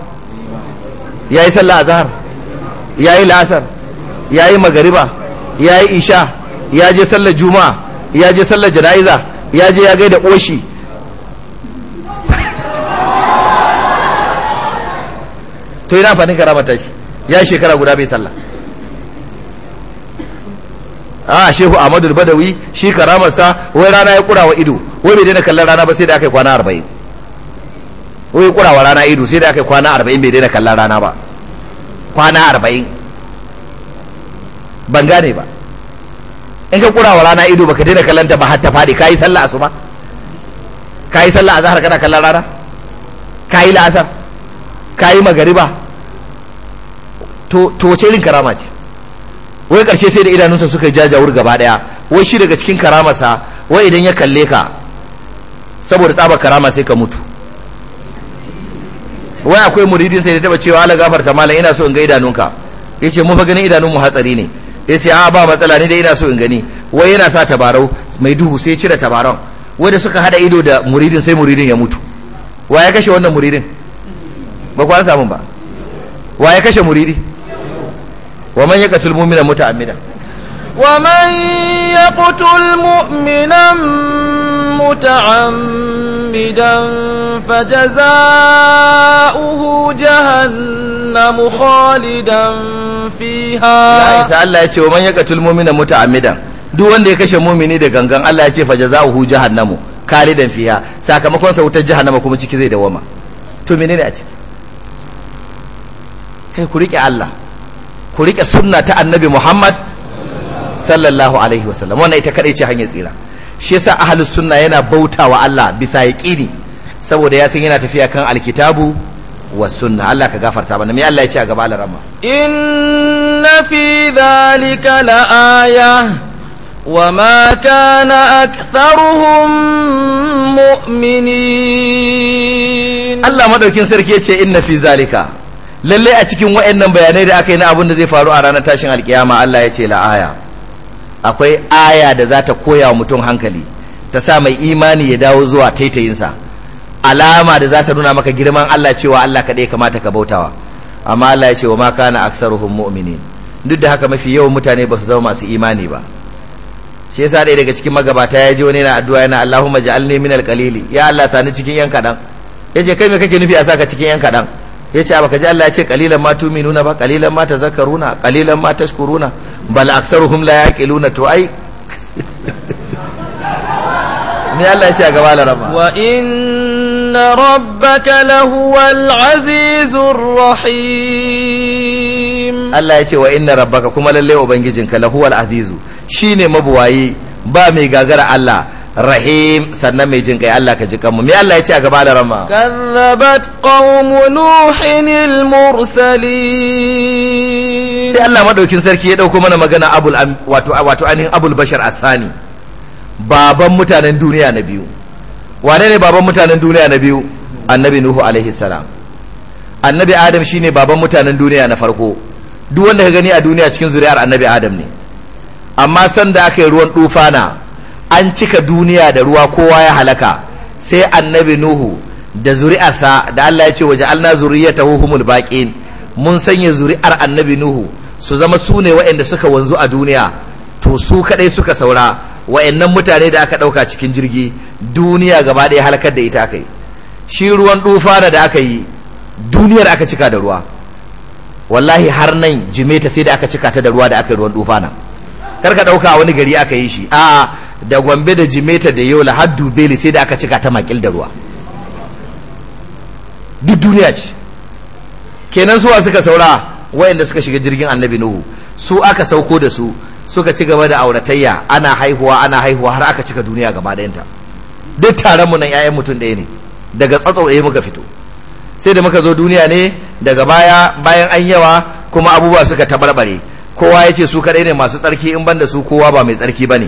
ya yi sallah azhar ya yi la'asar ya yi magariba ya yi isha ya je sallar juma'a ya je sallar jana'iza ya je ya gaida ƙoshi to yana fanin karamata shi ya yi shekara guda bai salla. a shehu ahmadu badawi shi karamarsa wai rana ya kurawa ido wai bai daina kallon rana ba sai da aka yi kwana arba'in wai kurawa rana ido sai da aka yi kwana arba'in bai daina kallon rana ba kwana arba'in ban gane ba in ka kura wa rana ido baka daina kallanta ba har ta faɗi kayi sallah asuba kayi sallah azhar kana kallon rana kayi la'asar kayi magariba to to wace irin karama ce wai karshe sai da idanunsa suka yi jajawur gaba daya wai shi daga cikin karamarsa wai idan ya kalle ka saboda tsaba karama sai ka mutu wai akwai muridin sai da taba cewa ala gafarta malam ina so in ga idanunka yace mun fa ganin idanun mu hatsari ne ya ce a ah, ba matsala ne da ina so in gani wai yana sa tabarau mai duhu sai cire tabarau wai da suka hada ido da muridin sai muridin ya mutu wa ya kashe wannan muridin ba ku an samu ba wa ya kashe muridi wa man yaqtul mu'mina muta'ammidan wa man yaqtul mu'mina muta'ammidan مُجْرِمًا فَجَزَاؤُهُ جَهَنَّمُ خَالِدًا فِيهَا ya isa Allah ya ce man yaqtul mu'mina muta'ammidan duk wanda ya kashe mu'mini da gangan Allah ya ce fajaza'uhu jahannamu khalidan fiha sakamakon sa wutar jahannama kuma ciki zai dawama to menene a ciki kai ku rike sunna ta annabi Muhammad sallallahu alaihi ce hanyar tsira shi yasa ahlus sunna yana bautawa Allah bisa yaqini saboda ya san yana tafiya kan alkitabu wa sunna Allah ka gafarta bana me Allah ya ce a gaba Allah inna fi zalika la aya wa ma kana aktharuhum mu'minin Allah madaukin sarki yace inna fi zalika lalle a cikin wa'annan bayanai da aka yi na abun da zai faru a ranar tashin alkiyama Allah ya ce la aya akwai aya da za ta koya wa mutum hankali ta sa mai imani ya dawo zuwa taitayinsa alama da za ta nuna maka girman Allah cewa Allah kaɗai kamata ka bautawa amma Allah ya ce wa ma na aksaruhun mu'minin duk da haka mafi yawan mutane ba su zama masu imani ba shi yasa ɗaya daga cikin magabata ya ji wani yana addu'a yana Allahumma ja'alni min alqalili ya Allah sani cikin yan kadan yace kai me kake nufi a saka cikin yan kadan yace baka ji Allah ya ce qalilan ma tu'minuna ba qalilan ma tazakkaruna qalilan ma tashkuruna bal aksaruhum la yaqiluna to ai me Allah ya ce a gaba laraba wa inna rabbaka lahuwal azizur rahim Allah ya ce wa inna rabbaka kuma lalle ubangijinka lahuwal azizu shine mabuwayi ba mai gagara Allah rahim sannan mai jin kai Allah ka ji kanmu me Allah ya ce a gaba da rama kazzabat qaumu nuhin al mursalin sai Allah madaukin sarki ya dauko mana magana abul wato wato anin abul bashar asani baban mutanen duniya na biyu wane ne baban mutanen duniya na biyu annabi nuhu alaihi salam annabi adam shine baban mutanen duniya na farko duk wanda ka gani a duniya cikin zuri'ar annabi adam ne amma sanda aka yi ruwan dufana an cika duniya da ruwa kowa ya halaka sai annabi nuhu da zuri'arsa da Allah ya ce waje alna zuriyata humul baqin mun sanya zuri'ar annabi nuhu su zama su ne waɗanda suka wanzu a duniya to su kadai suka saura waɗannan mutane da aka ɗauka cikin jirgi duniya gaba ɗaya halakar da ita kai shi ruwan dufana da aka yi duniyar aka cika da ruwa wallahi har nan jimeta sai da aka cika ta da ruwa da aka yi ruwan na kar ka ɗauka wani gari aka yi shi a'a da gombe da jimeta da yau har beli sai da aka cika ta makil da ruwa duk duniya ce kenan suwa suka saura wayanda suka shiga jirgin annabi nuhu su aka sauko da su suka ci gaba da auratayya ana haihuwa ana haihuwa har aka cika duniya gaba ɗayanta duk taron mu nan 'ya'yan mutum ɗaya ne daga tsatsau ɗaya muka fito sai da muka zo duniya ne daga baya bayan an yawa kuma abubuwa suka tabarbare kowa ya ce su kadai ne masu tsarki in banda su kowa ba mai tsarki ba ne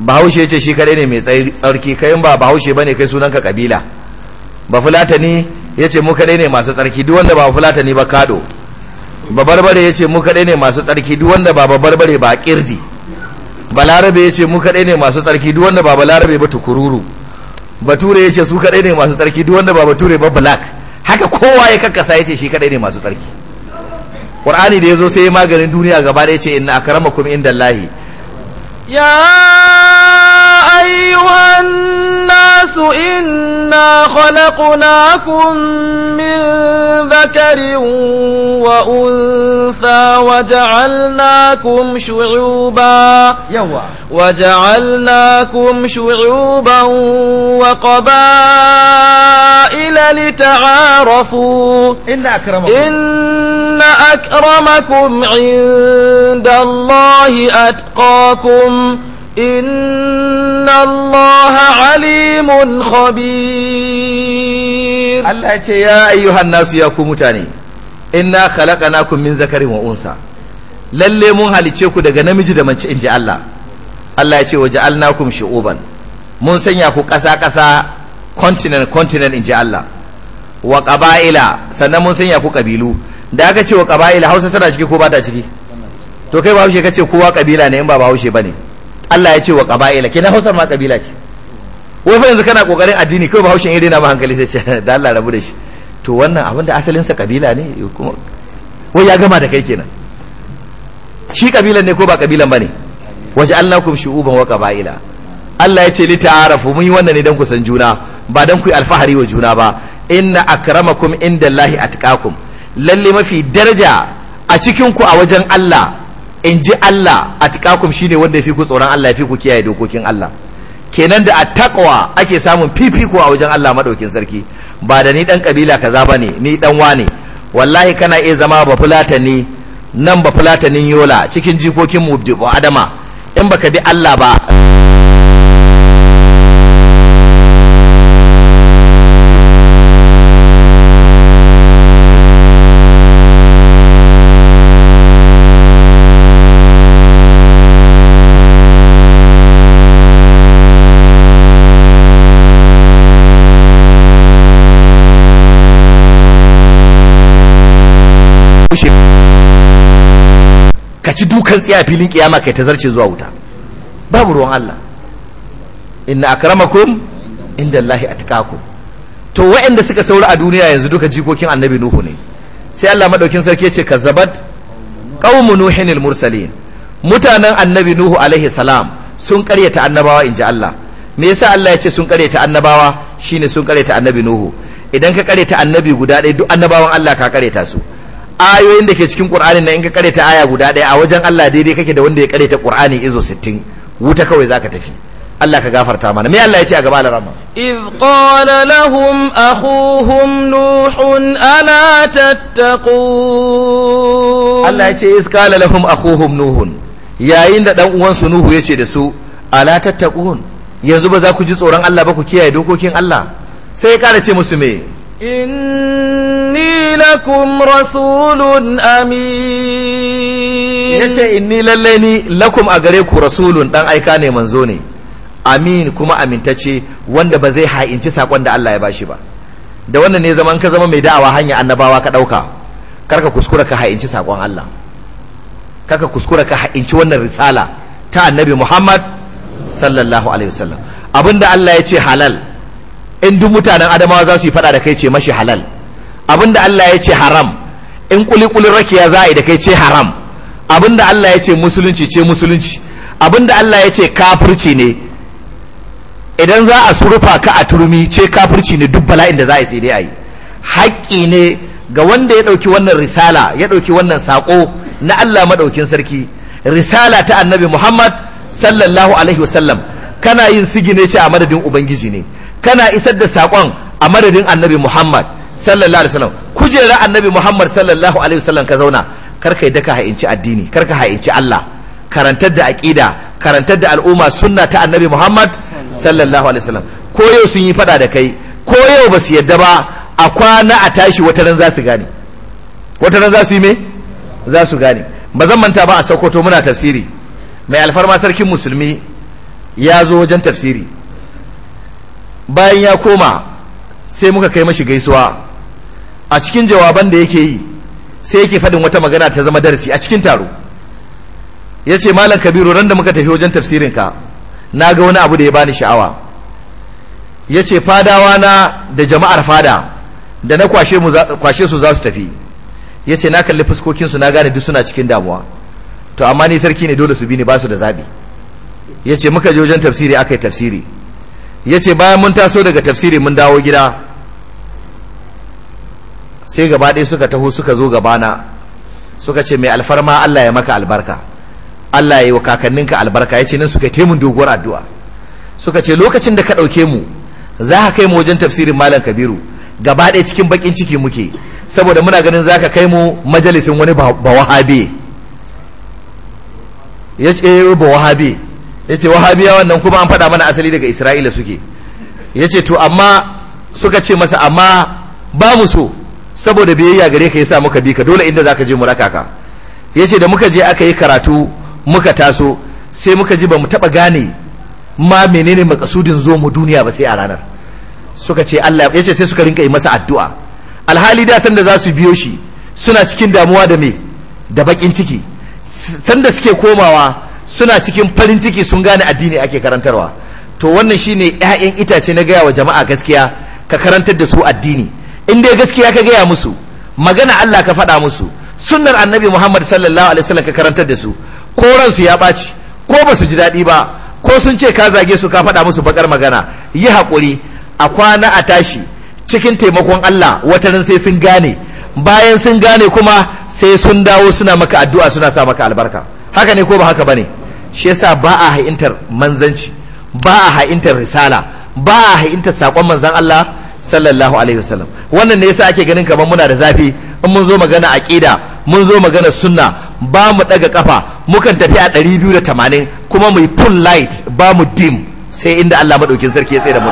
bahaushe ce shi kadai ne mai tsarki kai ba bahaushe bane kai sunanka kabila ba fulatani yace mu kadai ne masu tsarki duk wanda ba fulatani ba kado ba barbare yace mu kadai ne masu tsarki duk wanda ba barbare ba kirdi balarabe yace mu kadai ne masu tsarki duk wanda ba balarabe ba tukururu bature yace su kadai ne masu tsarki duk wanda ba bature ba black haka kowa ya kakkasa yace shi kadai ne masu tsarki qur'ani da yazo sai maganin duniya gaba da yace inna akramakum indallahi ya أيها الناس إنا خلقناكم من ذكر وأنثى وجعلناكم شعوبا وجعلناكم شعوبا وقبائل لتعارفوا إن أكرمكم إن أكرمكم عند الله أتقاكم إن إن الله عليم خبير الله يا أيها الناس يا كومتاني إنا خلقناكم من ذكر وأنثى lalle mun halice ku daga namiji da mace inji Allah Allah ya ce waje waja'alnakum shu'uban mun sanya ku ƙasa ƙasa continent continent inji Allah wa qaba'ila sannan mun sanya ku ƙabilu da aka ce wa ƙaba'ila Hausa tana ciki ko ba ta ciki to kai ba ka ce kowa ƙabila ne in ba ba ne. Allah ya ce wa ƙaba'ila kenan Hausar ma ƙabila ce wai fa yanzu kana ƙoƙarin addini kawai ba haushin irin na ba hankali sai ce da Allah rabu da shi to wannan abin da asalin sa ne kuma wai ya gama da kai kenan shi ƙabilan ne ko ba ƙabilan bane kum shu'uban wa ƙaba'ila. Allah ya ce li ta'arafu mun yi wannan ne dan ku san juna ba dan ku yi alfahari wa juna ba inna akramakum indallahi atqakum lalle mafi daraja a cikin ku a wajen Allah in ji Allah a tikakum shine wanda ya fi ku tsoron Allah ya fi ku kiyaye dokokin Allah kenan da a takwa ake samun fifiko a wajen Allah madaukin sarki ba da ni dan kabila kaza bane ni dan wane wallahi kana iya zama ba fulatani nan ba fulatanin yola cikin jikokin mu adama in baka bi Allah ba mushe ka ci dukan tsiya filin kiyama kai ta zarce zuwa wuta babu ruwan Allah inna akramakum inda Allah ku to waɗanda suka saura a duniya yanzu duka jikokin annabi nuhu ne sai Allah madaukin sarki ya ce kazzabat qaumu nuhin al mutanen annabi nuhu alaihi salam sun karyata annabawa inji Allah me yasa Allah ya ce sun karyata annabawa shine sun karyata annabi nuhu idan ka karyata annabi guda ɗaya duk annabawan Allah ka karyata su ayoyin da ke cikin ƙur'ani na in ka karanta aya guda ɗaya a wajen Allah daidai kake da wanda ya karanta qur'ani izo 60 wuta kawai za ka tafi Allah ka gafarta mana me Allah ya ce a gaba larama iz qala lahum akhuhum nuhun ala tattaqun Allah ya ce iz qala lahum akhuhum nuhun yayin da dan uwansu nuhu ya ce da su ala tattaqun yanzu ba za ku ji tsoron Allah ba ku kiyaye dokokin Allah sai ya kara ce musu me in inni lakum rasulun amin yace inni lalle ni lakum a gare ku rasulun dan aika ne manzo ne amin kuma amintacce wanda ba zai ha'inci sakon da Allah ya bashi ba da wannan ne zaman ka zama mai da'awa hanya annabawa ka dauka karka kuskura ka ha'inci sakon Allah karka kuskura ka ha'inci wannan risala ta annabi Muhammad sallallahu alaihi wasallam abinda Allah ya ce halal in duk mutanen adamawa za su yi fada da kai ce mashi halal abinda Allah ya ce haram in kulikulin rakiya za a yi da kai ce haram abinda Allah ya ce musulunci ce musulunci abinda Allah ya ce kafirci ne idan za a surufa ka a turmi ce kafirci ne duk bala'in da za a yi sai a yi haƙƙi ne ga wanda ya ɗauki wannan risala ya ɗauki wannan saƙo na Allah maɗaukin sarki risala ta annabi Muhammad sallallahu alaihi wasallam kana yin ne ce a madadin ubangiji ne kana isar da saƙon a madadin annabi Muhammad sallallahu alaihi wasallam kujera annabi muhammad sallallahu alaihi wasallam ka zauna kar kai daka ha'inci addini kar ka ha'inci allah karantar da aqida karantar da al'umma sunna ta annabi muhammad sallallahu alaihi wasallam ko yau sun yi fada da kai ko yau ba su yadda ba a kwana a tashi wata ran za su gane wata ran za su yi me za su gane ba zan manta ba a sokoto muna tafsiri mai alfarma sarkin musulmi ya zo wajen tafsiri bayan ya koma sai muka kai mashi gaisuwa a cikin jawaban da yake yi sai yake faɗin wata magana ta zama darasi a cikin taro ya ce malam kabiru ran da muka tafi wajen tafsirinka na ga wani abu da ya bani sha'awa ya ce fadawa na da jama'ar fada da na kwashe su za su tafi ya ce na kalli fuskokinsu na gane duk suna cikin damuwa to amma ni sarki ne dole su bi ni ba su da zaɓi ya ce muka je wajen tafsiri aka yi tafsiri ya ce bayan mun taso daga tafsiri mun dawo gida sai gaba ɗaya suka taho suka zo gabana suka ce mai alfarma Allah ya maka albarka Allah ya yi wa kakanninka albarka ya ce nan suka taimun doguwar addu'a suka ce lokacin da ka ɗauke mu za ka kai mu wajen tafsirin malam kabiru gaba ɗaya cikin baƙin ciki muke saboda muna ganin za ka kai mu majalisin wani bawahabe ya ce eh, ba bawahabe ya ce wahabiya wannan kuma an faɗa mana asali daga isra'ila suke ya ce to amma suka ce masa amma ba mu so saboda biyayya gare ka yasa muka bi ka dole inda zaka je mu raka ka yace da muka je aka yi karatu muka taso sai muka ji bamu taba gane ma menene makasudin zo mu duniya ba sai a ranar suka ce Allah yace sai suka rinka yi masa addu'a alhali da san da za su biyo shi suna cikin damuwa da me da bakin ciki sanda suke komawa suna cikin farin ciki sun gane addini ake karantarwa to wannan shine 'ya'yan itace na gaya wa jama'a gaskiya ka karantar da su addini in dai gaskiya ka gaya musu magana Allah ka faɗa musu sunnar annabi Muhammad sallallahu alaihi wasallam ka karantar da su ko su ya ɓaci ko ba su ji daɗi ba ko sun ce ka zage su ka faɗa musu bakar magana yi haƙuri a kwana a tashi cikin taimakon Allah watanin sai sun gane bayan sun gane kuma sai sun dawo suna maka addu'a suna sa maka albarka haka ne ko ba haka bane shi yasa ba a ha'intar manzanci ba a ha'intar risala ba a ha'intar saƙon manzan Allah sallallahu alaihi wasallam wannan ne yasa ake ganin kamar muna da zafi in mun zo magana aqida mun zo magana sunna ba mu daga kafa mukan tafi a 280 kuma mu yi full light ba mu dim sai inda Allah madaukin sarki ya tsaye da mu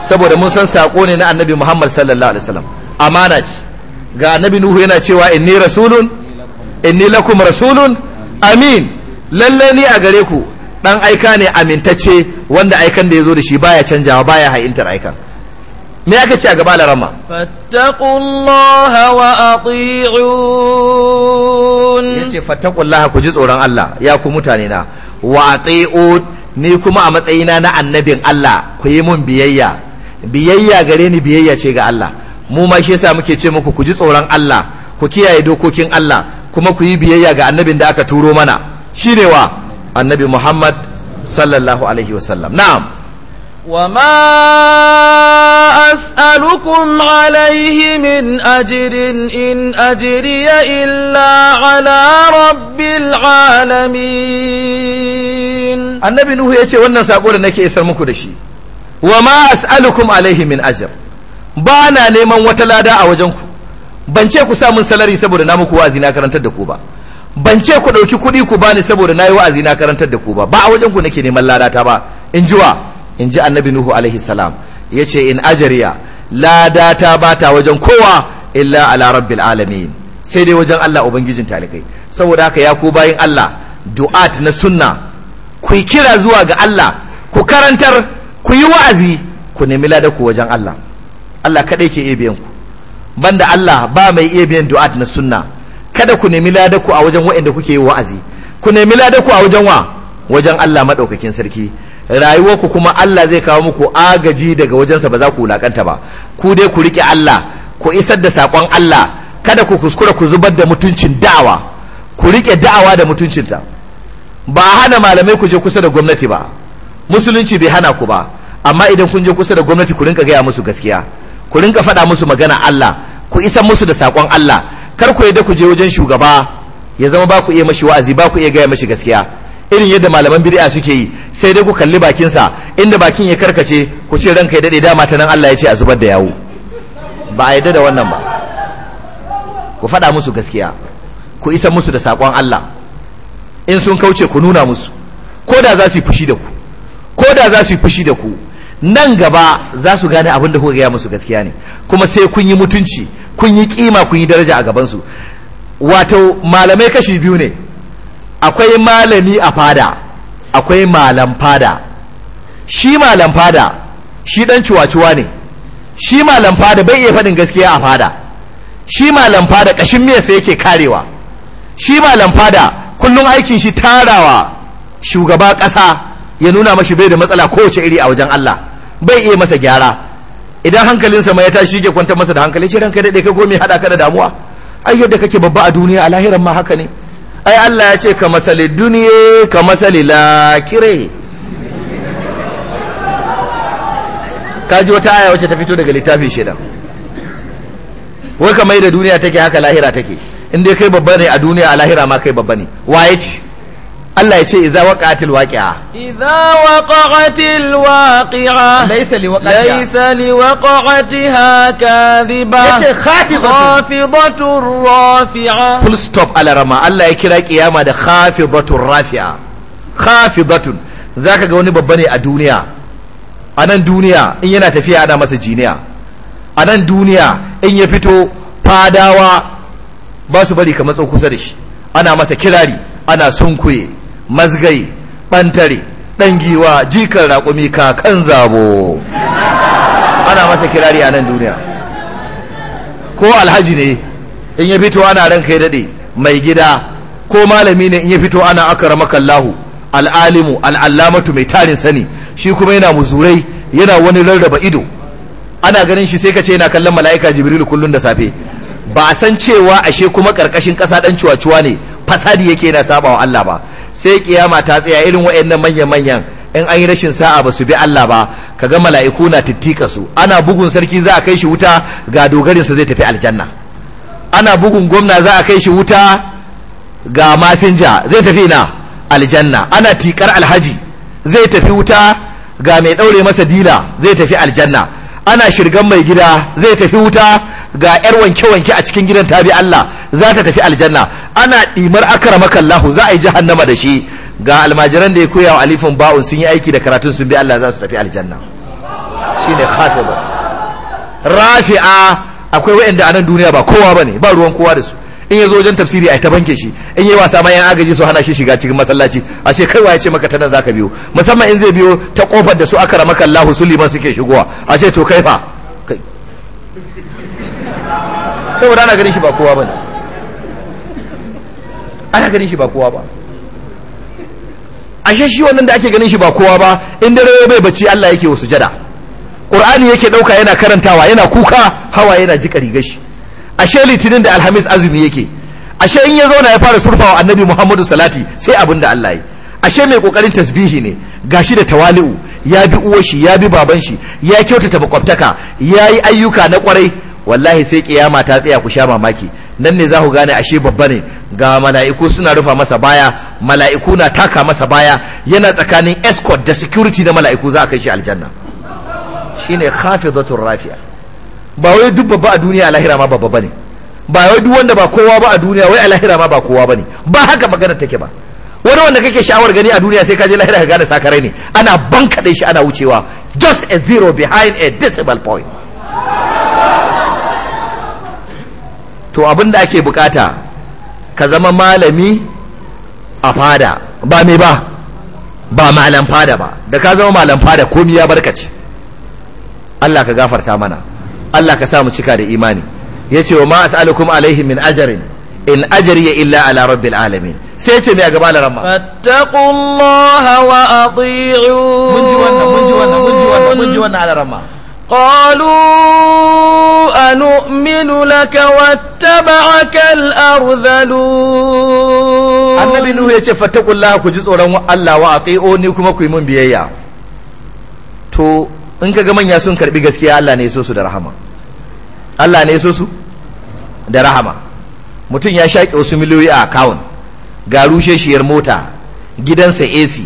saboda mun san sako ne na annabi Muhammad sallallahu alaihi wasallam amana ce ga annabi Nuhu yana cewa inni rasulun inni lakum rasulun amin lalle ni a gare ku dan aika ne amintacce wanda aikan da ya zo da shi baya canjawa baya ha'intar aikan me aka ce a gaba larama fattaqullaha wa ati'un yace fattaqullaha ku ji tsoron Allah ya ku mutane na wa ati'un ni kuma a matsayina na annabin Allah ku yi mun biyayya biyayya gare ni biyayya ce ga Allah mu ma shi yasa muke ce muku ku ji tsoron Allah ku kiyaye dokokin Allah kuma ku yi biyayya ga annabin da aka turo mana shine wa annabi Muhammad sallallahu alaihi wasallam na'am وما أسألكم عليه من أجر إن أجري إلا على رب العالمين النبي نوح يتي wannan sako da nake isar muku da shi wama as'alukum alayhi min ajr bana neman wata lada a wajen ku ban ce ku sa mun salari saboda na muku wazi na karantar da ku ba ban ce ku ɗauki kuɗi ku bani saboda na yi wa'azi na karantar da ku ba ba a wajen ku nake neman ladata ba in ji wa in ji annabi nuhu alaihi salam ya ce in ajariya ladata ba ta wajen kowa illa ala rabbil alamin sai dai wajen allah ubangijin talikai saboda haka ya ku bayin allah du'at na sunna ku yi kira zuwa ga allah ku karantar ku yi wa'azi ku nemi lada ku wajen allah allah kaɗai ke iya biyan ku banda allah ba mai iya biyan du'at na sunna kada ku nemi ladaku a wajen wa'anda kuke yi wa'azi ku nemi ladaku a wajen wa wajen Allah madaukakin sarki rayuwarku kuma Allah zai kawo muku agaji daga wajensa ba za ku wulakanta ba ku dai ku rike Allah ku isar da saƙon Allah kada ku kuskura ku zubar da mutuncin da'awa ku rike da'awa da mutuncinta ba hana malamai ku je kusa da gwamnati ba musulunci bai hana ku ba amma idan kun je kusa da gwamnati ku rinka gaya musu gaskiya ku rinka faɗa musu magana Allah ku isa musu da sakon Allah kar ku yadda ku je wajen shugaba ya zama ba ku iya mashi wa'azi ba ku iya gaya mashi gaskiya irin yadda malaman bid'a suke yi sai dai ku kalli bakinsa inda bakin ya karkace ku ce ranka ya dade dama ta nan Allah ya ce a zubar da yawo ba a yadda da wannan ba ku faɗa musu gaskiya ku isa musu da sakon Allah in sun kauce ku nuna musu ko da za su yi fushi da ku ko da za su fushi da ku nan gaba za su gane abin da kuka gaya musu gaskiya ne kuma sai kun yi mutunci kun yi kima kun yi daraja a gabansu wato malamai kashi biyu ne akwai malami a fada akwai malam fada shi malam fada shi dan ciwaciwa ne shi malam fada bai iya faɗin gaskiya a fada shi malam fada ƙashin miyarsa yake karewa shi malam fada kullum aikin shi tarawa shugaba ƙasa ya nuna mashi bai da matsala kowace iri a wajen Allah bai iya masa gyara idan hankalinsa ma ya tashi ke kwantar masa da hankali ce ranka daɗe kai ko me haɗa ka da damuwa ai yadda kake babba a duniya a lahiran ma haka ne ai Allah ya ce ka masali duniya ka masali lakire ka ji wata aya wacce ta fito daga littafin shida wai ka mai da duniya take haka lahira take inda kai babba ne a duniya a lahira ma kai babba ne waye ce Allah ya ce iza waqa'atil waqi'a iza waqa'atil waqi'a laysa liwaqa'atiha laysa liwaqa'atiha kadhiba yace khafidatur rafi'a full stop alarama Allah ya kira kiyama da khafidatur rafi'a khafidatun zaka ga wani babba ne a duniya a nan duniya in yana tafiya ana masa jiniya a nan duniya in ya fito fadawa ba su bari ka matso kusa da shi ana masa kirari ana sunkuye mazgai ɓantare ɗan giwa jikan raƙumi kakan zabo ana masa kirari a nan duniya ko alhaji ne in ya fito ana ranka ya daɗe mai gida ko malami ne in ya fito ana akara makallahu al'alimu al'allamatu mai tarin sani shi kuma yana muzurai yana wani rarraba ido ana ganin shi sai ka ce yana kallon mala'ika jibril kullum da safe ba a san cewa ashe kuma karkashin ƙasa ɗan cuwa-cuwa ne fasadi yake yana sabawa Allah ba sai kiyama ta tsaya irin waɗannan manya-manyan in an yi rashin sa'a ba su bi Allah ba ka ga mala'iku na tittika su ana bugun sarki za a kai shi wuta ga dogarin sa zai tafi aljanna ana bugun gwamna za a kai shi wuta ga masinja zai tafi na aljanna ana tikar alhaji zai tafi wuta ga mai ɗaure masa dila zai tafi aljanna ana shirgan mai gida zai tafi wuta ga yar wanke-wanke a cikin gidan ta bi Allah za ta tafi aljanna ana ɗimar akaramaka Allah za a yi jahannama da shi ga almajiran da ya koya wa alifin ba'un sun yi aiki da karatun sun bi Allah za su tafi aljanna ne khatiba rafi'a akwai waɗanda a nan duniya ba kowa bane ba ruwan kowa da su in ya zo wajen tafsiri ai ta banke shi in yi wasa ma yan agaji su hana shi shiga cikin masallaci a ce kai waye ce maka ta nan zaka biyo musamman in zai biyo ta kofar da su aka ramaka Allahu su suke shigowa a ce to kai fa kai saboda ana ganin shi ba kowa bane ana ganin shi ba kowa ba ashe shi wannan da ake ganin shi ba kowa ba in dare bai bacci Allah yake wa sujada Qur'ani yake dauka yana karantawa yana kuka hawa yana jikari gashi shi ashe litinin da alhamis azumi yake ashe in ya zauna ya fara surfawa annabi muhammadu salati sai abin da allah yi ashe mai kokarin tasbihi ne gashi da tawali'u ya bi uwashi ya bi baban shi ya kyautata makwabtaka ya yi ayyuka na kwarai wallahi sai kiyama ta tsaya ku sha mamaki nan ne za ku gane ashe babba ne ga mala'iku suna rufa masa baya mala'iku na taka masa baya yana tsakanin escort da security na mala'iku za a kai shi aljanna shine khafidatur rafi'a ba wai duk babba a duniya a lahira ma babba bane ba wai duk wanda ba kowa ba a duniya wai a lahira ma ba kowa bane ba haka magana take ba wani wanda kake sha'awar gani a duniya sai ka je lahira ka gane sakarai ne ana kaɗai shi ana wucewa just a zero behind a decimal point to abin da ake bukata ka zama malami a fada ba me ba ba malam fada ba da ka zama malam fada komi ya barkaci Allah ka gafarta mana Allah ka sa mu cika da imani Ya ce wa ma as'alukum alaihi min ajarin, in ajriya illa ala rabbil alamin sai ce mai gaba da ramma fattaqullaha wa ati'u mun ji wannan mun ji wannan mun ji wannan mun ji wannan ala ramma قالوا أنؤمن لك واتبعك الأرذلون النبي نوح يقول فاتقوا الله كجزء رمو الله وأطيعوني كما كي من بيئيا تو in ka ga manya sun karbi gaskiya Allah ne so su da rahama Allah ne so su da rahama mutum ya shaƙe wasu miliyoyi a akawun ga rushe shiyar mota gidansa AC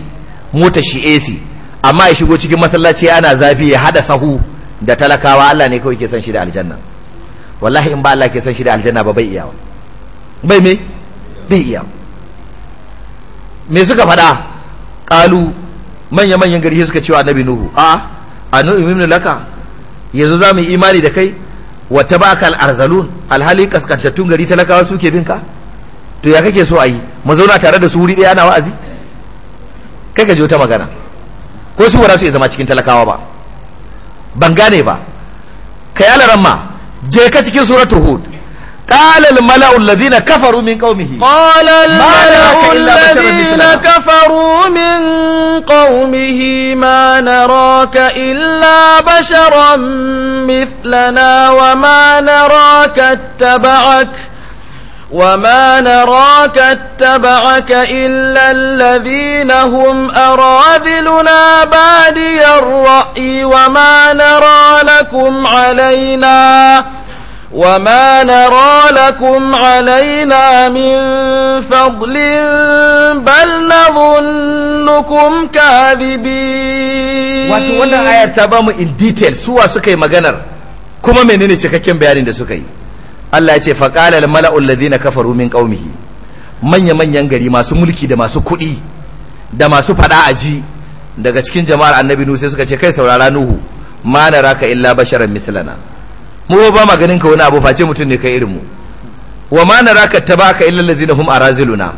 mota shi AC amma ya shigo cikin masallaci ana zafi ya hada sahu da talakawa Allah ne kawai ke san shi da aljanna wallahi in ba Allah ke san shi da aljanna ba bai iya bai me bai iya me suka faɗa ƙalu manya-manyan gari suka cewa annabi nuhu a anu imimnu laka yanzu za mu yi imani da kai wata ba ka al'arzalun alhali kaskantattun gari talakawa suke bin ka to ya kake so a yi mu zauna tare da su wuri ɗaya ana wa'azi kai ka ji wata magana ko su wara su iya zama cikin talakawa ba ban gane ba ka yi alaran je ka cikin suratu hud قال الملأ الذين كفروا من قومه قال الملأ الذين كفروا من قومه ما نراك إلا بشرا مثلنا وما نراك اتبعك وما نراك اتبعك إلا الذين هم أراذلنا بادي الرأي وما نرى لكم علينا وما نرى لكم علينا من فضل بل نظنكم كاذبين wato wannan aya ta bamu in detail suwa suka yi maganar kuma menene cikakken bayanin da suka yi Allah ya ce faqala al mala'u alladhina kafaru min qaumihi manya manyan gari masu mulki da masu kuɗi da masu fada aji daga cikin jama'ar annabi nuhu sai suka ce kai saurara nuhu mana raka illa basharan mislana mu ba ma ganin ka wani abu face mutum ne kai irin mu wa ma naraka tabaka illa allazina hum araziluna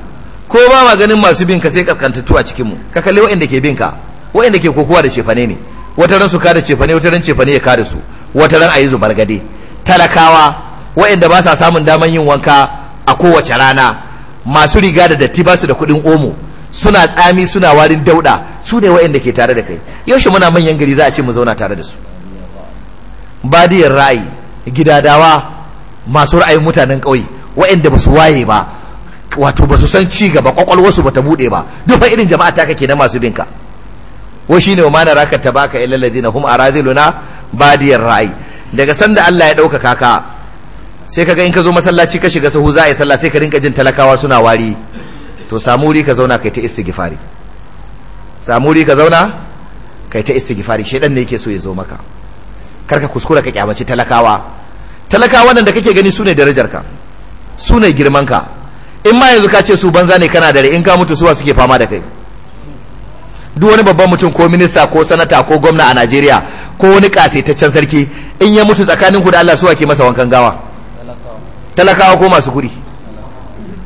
ko ba ma masu bin ka sai kaskantattu a cikin mu ka kalle wa'anda ke bin ka wa'anda ke kokowa da shefane ne wata ran su kada cefane wata ran cefane ya kada su wata ran ayi zubar gade talakawa wa'anda ba sa samun daman yin wanka a kowace rana masu riga da datti ba su da kuɗin omo suna tsami suna warin dauda su ne wa'anda ke tare da kai yaushe muna manyan gari za a ce mu zauna tare da su badiyar ra'ayi gidadawa masu ra'ayin mutanen kauye waɗanda ba su waye ba wato ba su san ci gaba kwakwalwarsu ba ta buɗe ba dufa irin jama'a ta kake na masu binka wa shi ne umana raka ta baka ila ladina hum araziluna badiyar ra'ayi daga sanda Allah ya ɗaukaka ka sai kaga in ka zo masallaci ka shiga sahu za a yi sallah sai ka rinka jin talakawa suna wari to samu wuri ka zauna kai ta istighfari samu wuri ka zauna kai ta istighfari shedan ne yake so ya zo maka karka kuskura ka kyamaci talakawa talakawa nan da kake gani su ne ka su ne girmanka in ma yanzu ka ce su banza ne kana dare in ka mutu suwa suke fama da kai duk wani babban mutum ko minista ko sanata ko gwamna a najeriya ko wani kasaitaccen sarki in ya mutu tsakanin ku da allah suwa ke masa wankan gawa talakawa ko masu kuɗi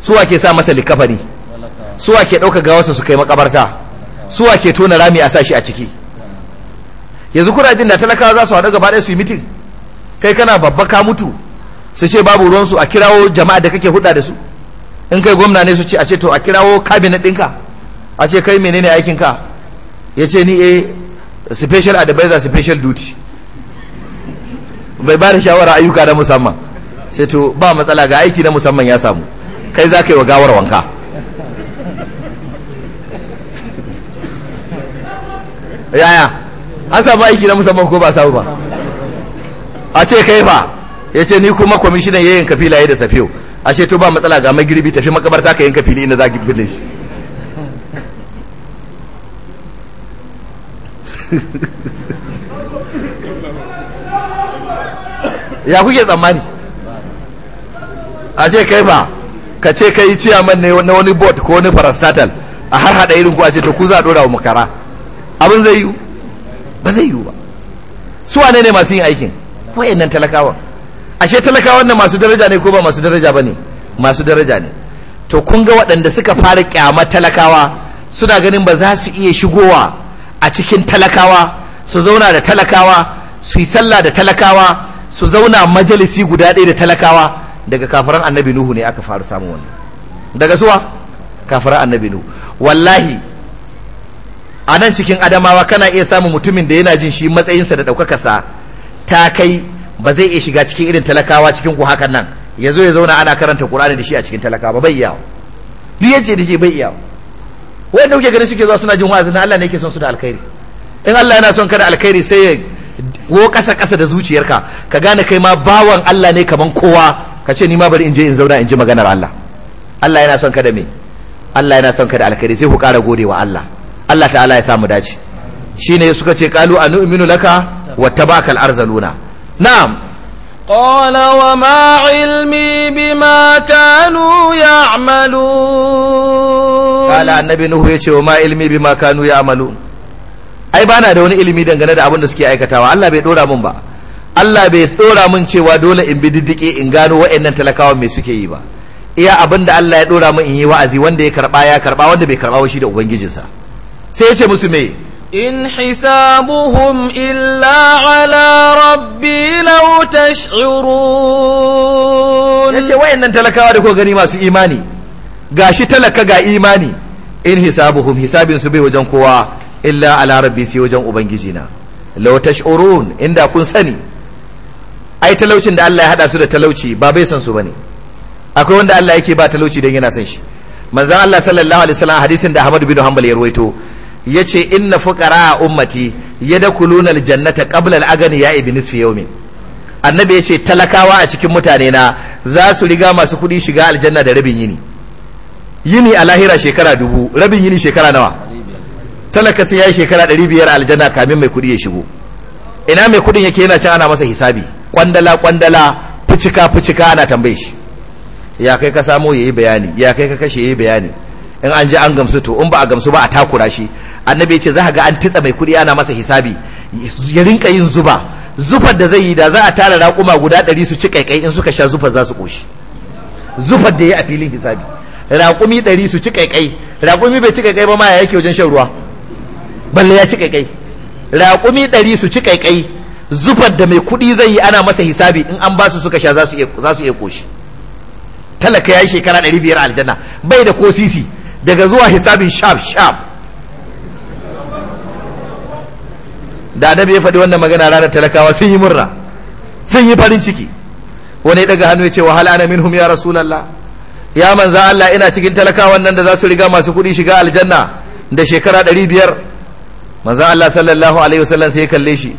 suwa ke sa masa likafani suwa ke ɗauka gawarsa su kai makabarta suwa ke tona rami a sashi a ciki yanzu kuna jin da talakawa za su haɗu gaba ɗaya su yi mitin kai kana babba ka mutu su ce babu ruwansu a kirawo jama'a da kake hudda da su in kai gwamna ne su ce a ce to a kirawo kabinet ɗinka a ce kai menene ka ya ce ni eh special advisor special duty bai ba da shawara ayyuka na musamman sai to ba matsala ga aiki na musamman ya samu kai za ka yi wa gawar wanka yaya an samu aiki na musamman ko ba samu ba a ce kai ba ya ce ni kuma kwamishinan ya yanka filaye da safiyo a ce to ba matsala ga magirbi tafi makabarta ka yin fili inda za ki shi ya kuke tsammani a ce kai ba ka ce kai ciyaman ne na wani bot ko wani farastatal a har hada irin ku a ce to ku za a dora wa makara abin zai yi ba zai yiwu ba su wane ne masu yin aikin wayannan talakawa ashe talakawan nan masu daraja ne ko ba masu daraja ba ne masu daraja ne to kun ga waɗanda suka fara kyama talakawa suna ganin ba za su iya shigowa a cikin talakawa su zauna da talakawa su yi sallah da talakawa su zauna majalisi guda ɗaya da talakawa daga kafaran annabi nuhu ne aka faru samun wannan daga suwa kafaran annabi nuhu wallahi a nan cikin adamawa kana iya samun mutumin da yana jin shi matsayinsa da ɗaukakarsa ta kai ba zai iya shiga cikin irin talakawa cikin ku hakan nan ya zo ya zauna ana karanta ƙur'ani da shi a cikin talakawa bai iyawa duk yace da shi bai iyawa wanda kuke ganin suke zuwa suna jin wa'azi na Allah ne yake son su da alkhairi in Allah yana son ka da alkhairi sai ya wo kasa kasa da zuciyarka ka gane kai ma bawan Allah ne kaman kowa ka ce ni ma bari in je in zauna in ji maganar Allah Allah yana son ka da me Allah yana son ka da alkhairi sai ku ƙara godewa Allah Allah ta'ala ya samu dace shine suka ce a anu'minu laka wattaba'akal arzaluna na'am ya amalu. علمي annabi nuhu ya ce wa ma yace وما ma kanu ya amalu? ai bana da wani ilimi dangane da abin da suke aikatawa Allah bai dora mun ba Allah bai dora mun cewa dole in bi diddike in gano wa'annan talakawa me suke yi ba iya abin da Allah ya dora mun in yi wa'azi wanda ya karba ya karba wanda bai karba shi da ubangijinsa sai ya ce musu me in hisabuhum illa ala rabbi law tash'urun yace wayannan talakawa da ko gani masu imani gashi talaka ga imani in hisabuhum hisabin su bai wajen kowa illa ala rabbi sai wajen ubangiji na law tash'urun inda kun sani ai talaucin da Allah ya hada su da talauci ba bai san su bane akwai wanda Allah yake ba talauci dan yana san shi manzon Allah sallallahu alaihi wasallam hadisin da Ahmad bin Hanbal ya ruwaito ya ce inna fuqara a ummati ya da kulunar jannata ƙablal agani ya ibi nisfi yaumi annabi ya ce talakawa a cikin mutane na za su riga masu kuɗi shiga aljanna da rabin yini yini a lahira shekara dubu rabin yini shekara nawa talaka sai ya yi shekara ɗari biyar aljanna kamin mai kuɗi ya shigo ina mai kuɗin yake yana can ana masa hisabi kwandala kwandala fucika fucika ana tambaye shi ya kai ka samo yayi bayani ya kai ka kashe yayi bayani in an ji an gamsu to in ba a gamsu ba a takura shi annabi ya ce za ga an titsa mai kuɗi ana masa hisabi ya rinka yin zuba zufar da zai yi da za a tara raƙuma guda ɗari su ci kaikai in suka sha zufar za su ƙoshi zufar da ya a filin hisabi raƙumi ɗari su ci kaikai raƙumi bai ci kaikai ba ma ya yake wajen shan ruwa balle ya ci kaikai raƙumi ɗari su ci kaikai zufar da mai kuɗi zai yi ana masa hisabi in an ba su suka sha za su iya ƙoshi talaka ya yi shekara ɗari biyar aljanna bai da ko sisi daga zuwa hisabin shaf shaf da adabi ya faɗi wannan magana ranar talakawa sun yi murna sun yi farin ciki wani daga hannu ya ce wahala ana minhum ya rasulallah ya manza Allah ina cikin talakawan nan da za su riga masu kuɗi shiga aljanna da shekara ɗari biyar manza Allah sallallahu alaihi wasallam sai ya kalle shi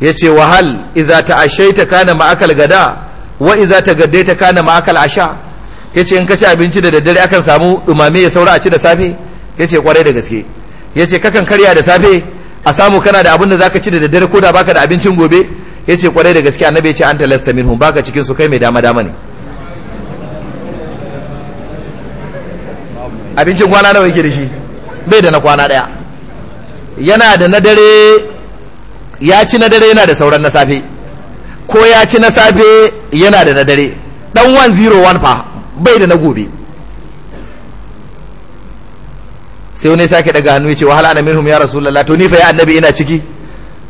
ya ce wahal iza ta ashaita kana ma'akal gada wa iza ta gaddaita kana ma'akal asha ya ce in ka ci abinci da daddare akan samu dumame ya saura a ci da safe ya ce kwarai da gaske ya ce kakan karya da safe a samu kana da abin da ka ci da daddare ko da baka da abincin gobe ya ce kwarai da gaske annabi ya ce an talasta hun baka cikin su kai mai dama dama ne abincin kwana nawa yake da shi bai da na kwana daya yana da na dare ya ci na dare yana da sauran na safe ko ya ci na safe yana da na dare dan 101 fa bai da na gobe sai wani sake daga hannu ya ce wahala na minhum ya rasulullah to ni fa ya annabi ina ciki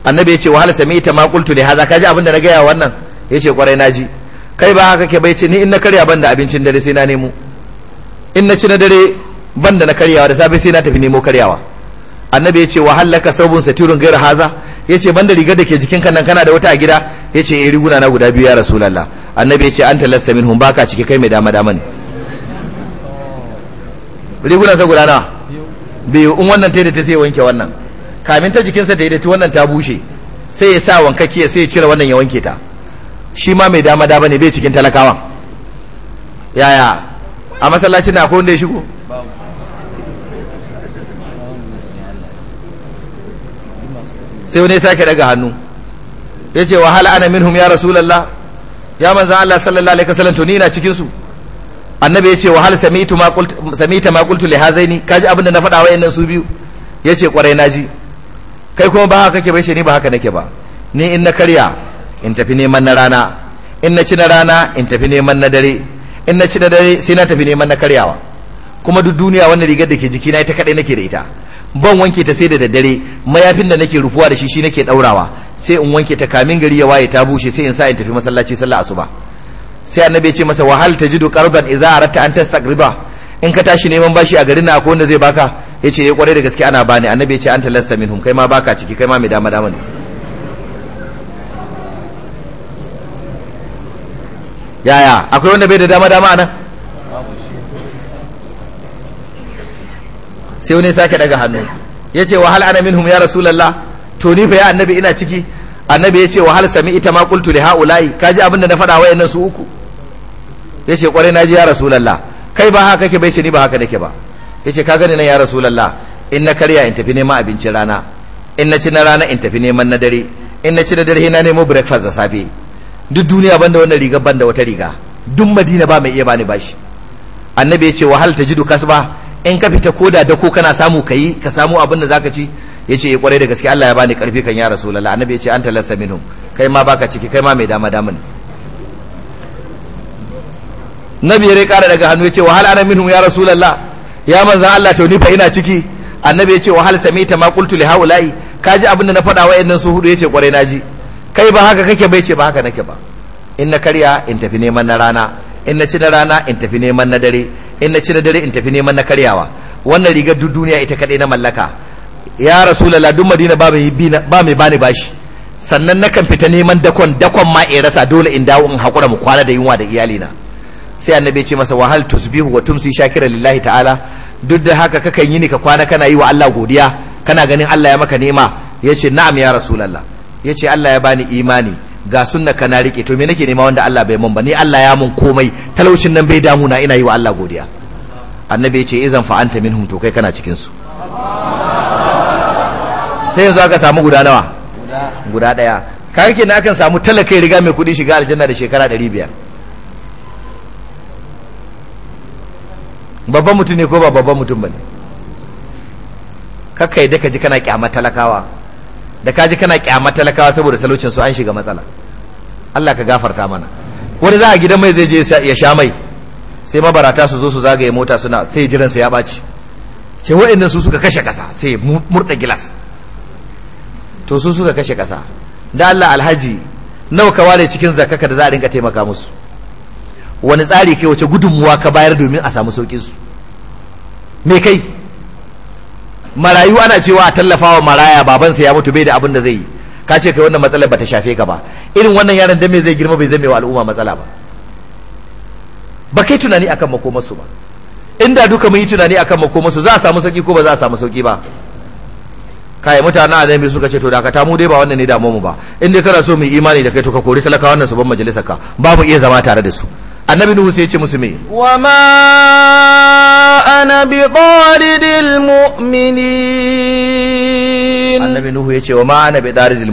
annabi ya ce wahala sami ta ma qultu li hadha kaji abin da na gaya wannan ya ce kwarai na ji kai ba haka ke bai ce ni in na karya ban da abincin dare sai na nemo in na ci na dare ban da na karyawa da safe sai na tafi nemo karyawa annabi ya ce wa hallaka saubun satirun gaira haza ya ce banda rigar da ke jikin kan nan kana da wata a gida ya ce eh riguna na guda biyu ya rasulallah annabi ya ce an talasta min baka ciki kai mai dama dama ne riguna sa guda nawa biyu in wannan ta da ta sai wanke wannan kamin ta jikinsa ta yi da ta wannan ta bushe sai ya sa wankakkiya sai ya cire wannan ya wanke ta shi ma mai dama dama ne bai cikin talakawan yaya a masallacin na akwai wanda ya shigo sai wani sake daga hannu ya ce wahala ana minhum ya rasulallah ya manzan Allah sallallahu alaihi wasallam to ni na cikin su annabi ya ce wahala sami'tu ma qult sami'ta ma qultu li hazaini kaji abinda na faɗa su biyu ya ce kwarai na ji kai kuma ba haka kake bai ce ni ba haka nake ba ni in na karya in tafi neman na rana in na ci na rana in tafi neman na dare in na ci na dare sai na tafi neman na karyawa kuma duk duniya wannan rigar da ke jikina ita kadai nake da ita ban wanke ta sai da daddare mayafin da nake rufuwa da shi shi nake daurawa sai in wanke ta kamin gari ya waye ta bushe sai in sa in tafi masallaci sallah asuba sai annabi ya ce masa wahal tajidu qardan idza aratta an tastaqriba in ka tashi neman bashi a garin na akwai wanda zai baka yace ya eh, kware da gaske ana bani annabi ya ce anta lasta minhum kai ma baka ciki kai ma mai dama dama ne yaya akwai wanda bai da dama dama anan sai wani sake daga hannu ya ce wahal ana minhum ya rasulallah to ni fa ya annabi ina ciki annabi ya ce wahal sami ita ma qultu li haula'i kaji abin da na faɗa wa su uku ya ce kwarai naji ya rasulallah kai ba haka kake bai ce ni ba haka nake ba ya ce ka gani nan ya rasulallah in na karya in tafi neman abincin rana in na ci na rana in tafi neman na dare in na ci na dare na nemo breakfast da safe duk duniya banda wannan riga banda wata riga duk madina ba mai iya bani bashi annabi ya ce wahal tajidu kasba in ka fita koda da ko kana samu kayi ka samu abin da zaka ci yace ya kwarai eh, da gaske Allah ya bani karfi kan ya rasulullah annabi yace anta lasa minhum kai ma baka ciki kai ma mai dama dama ne nabi ya kara daga hannu yace wahal ana minhum ya rasulullah ya manzan Allah to ni fa ina ciki annabi yace wahal samita ma qultu li haula'i kaji abin da na faɗa wa'annan su hudu yace kwarai ji kai ba haka kake bai ce ba haka nake ba in na karya in tafi neman na rana in na ci na rana in tafi neman na dare in na ci da dare in tafi neman na karyawa wannan rigar duk duniya ita kaɗai na mallaka ya lala duk madina ba mai bani bashi sannan na kan fita neman dakon dakon ma in rasa dole in dawo in haƙura mu kwana da yunwa da iyalina sai annabi ya ce masa wahal tusbihu wa tumsi shakira lillahi ta'ala duk da haka kakan yi ni ka kwana kana yi wa Allah godiya kana ganin Allah ya maka nema ya ce na'am ya ya ce Allah ya bani imani ga sunna kana rike to me nake nema wanda Allah bai mun ba ni Allah ya mun komai talaucin nan bai damu na ina yi wa Allah godiya annabi ya ce izan eh, fa anta minhum to kai kana cikin su sai yanzu aka samu guda nawa guda daya ke na akan samu talakai riga mai kudi shiga aljanna da shekara 500 babban mutum ne ko ba babban mutum bane kakkai da ka ji kana kyamata talakawa da kaji kana kyama talakawa saboda talaucin su an shiga matsala Allah ka gafarta mana wani za a gidan mai zai je ya sha mai sai mabarata su zo su zagaye mota suna sai jiran sa ya baci ce wa'annan su suka kashe kasa sai murda gilas to su suka kashe kasa da Allah alhaji nawa ka ware cikin zakaka da za a rinka taimaka musu wani tsari kai wace gudunmuwa ka bayar domin a samu sauƙin su me kai marayu ana cewa a tallafawa maraya babansa ya mutu bai da abin da zai yi ka ce kai wannan matsalar ba ta shafe ka ba irin wannan yaron da me zai girma bai zame wa al'umma matsala ba ba kai tunani akan makomarsu ba inda duka mun yi tunani akan makomarsu za a samu sauki ko ba za a samu sauki ba kai mutanen annabi suka ce to dakata mu dai ba wannan ne damu mu ba inda kana so mu imani da kai to ka kori talaka nan su ban majalisar ka ba mu iya zama tare da su annabi nuhu sai ya ce musu me wa ma mu'minin annabi nuhu ya ce wa ma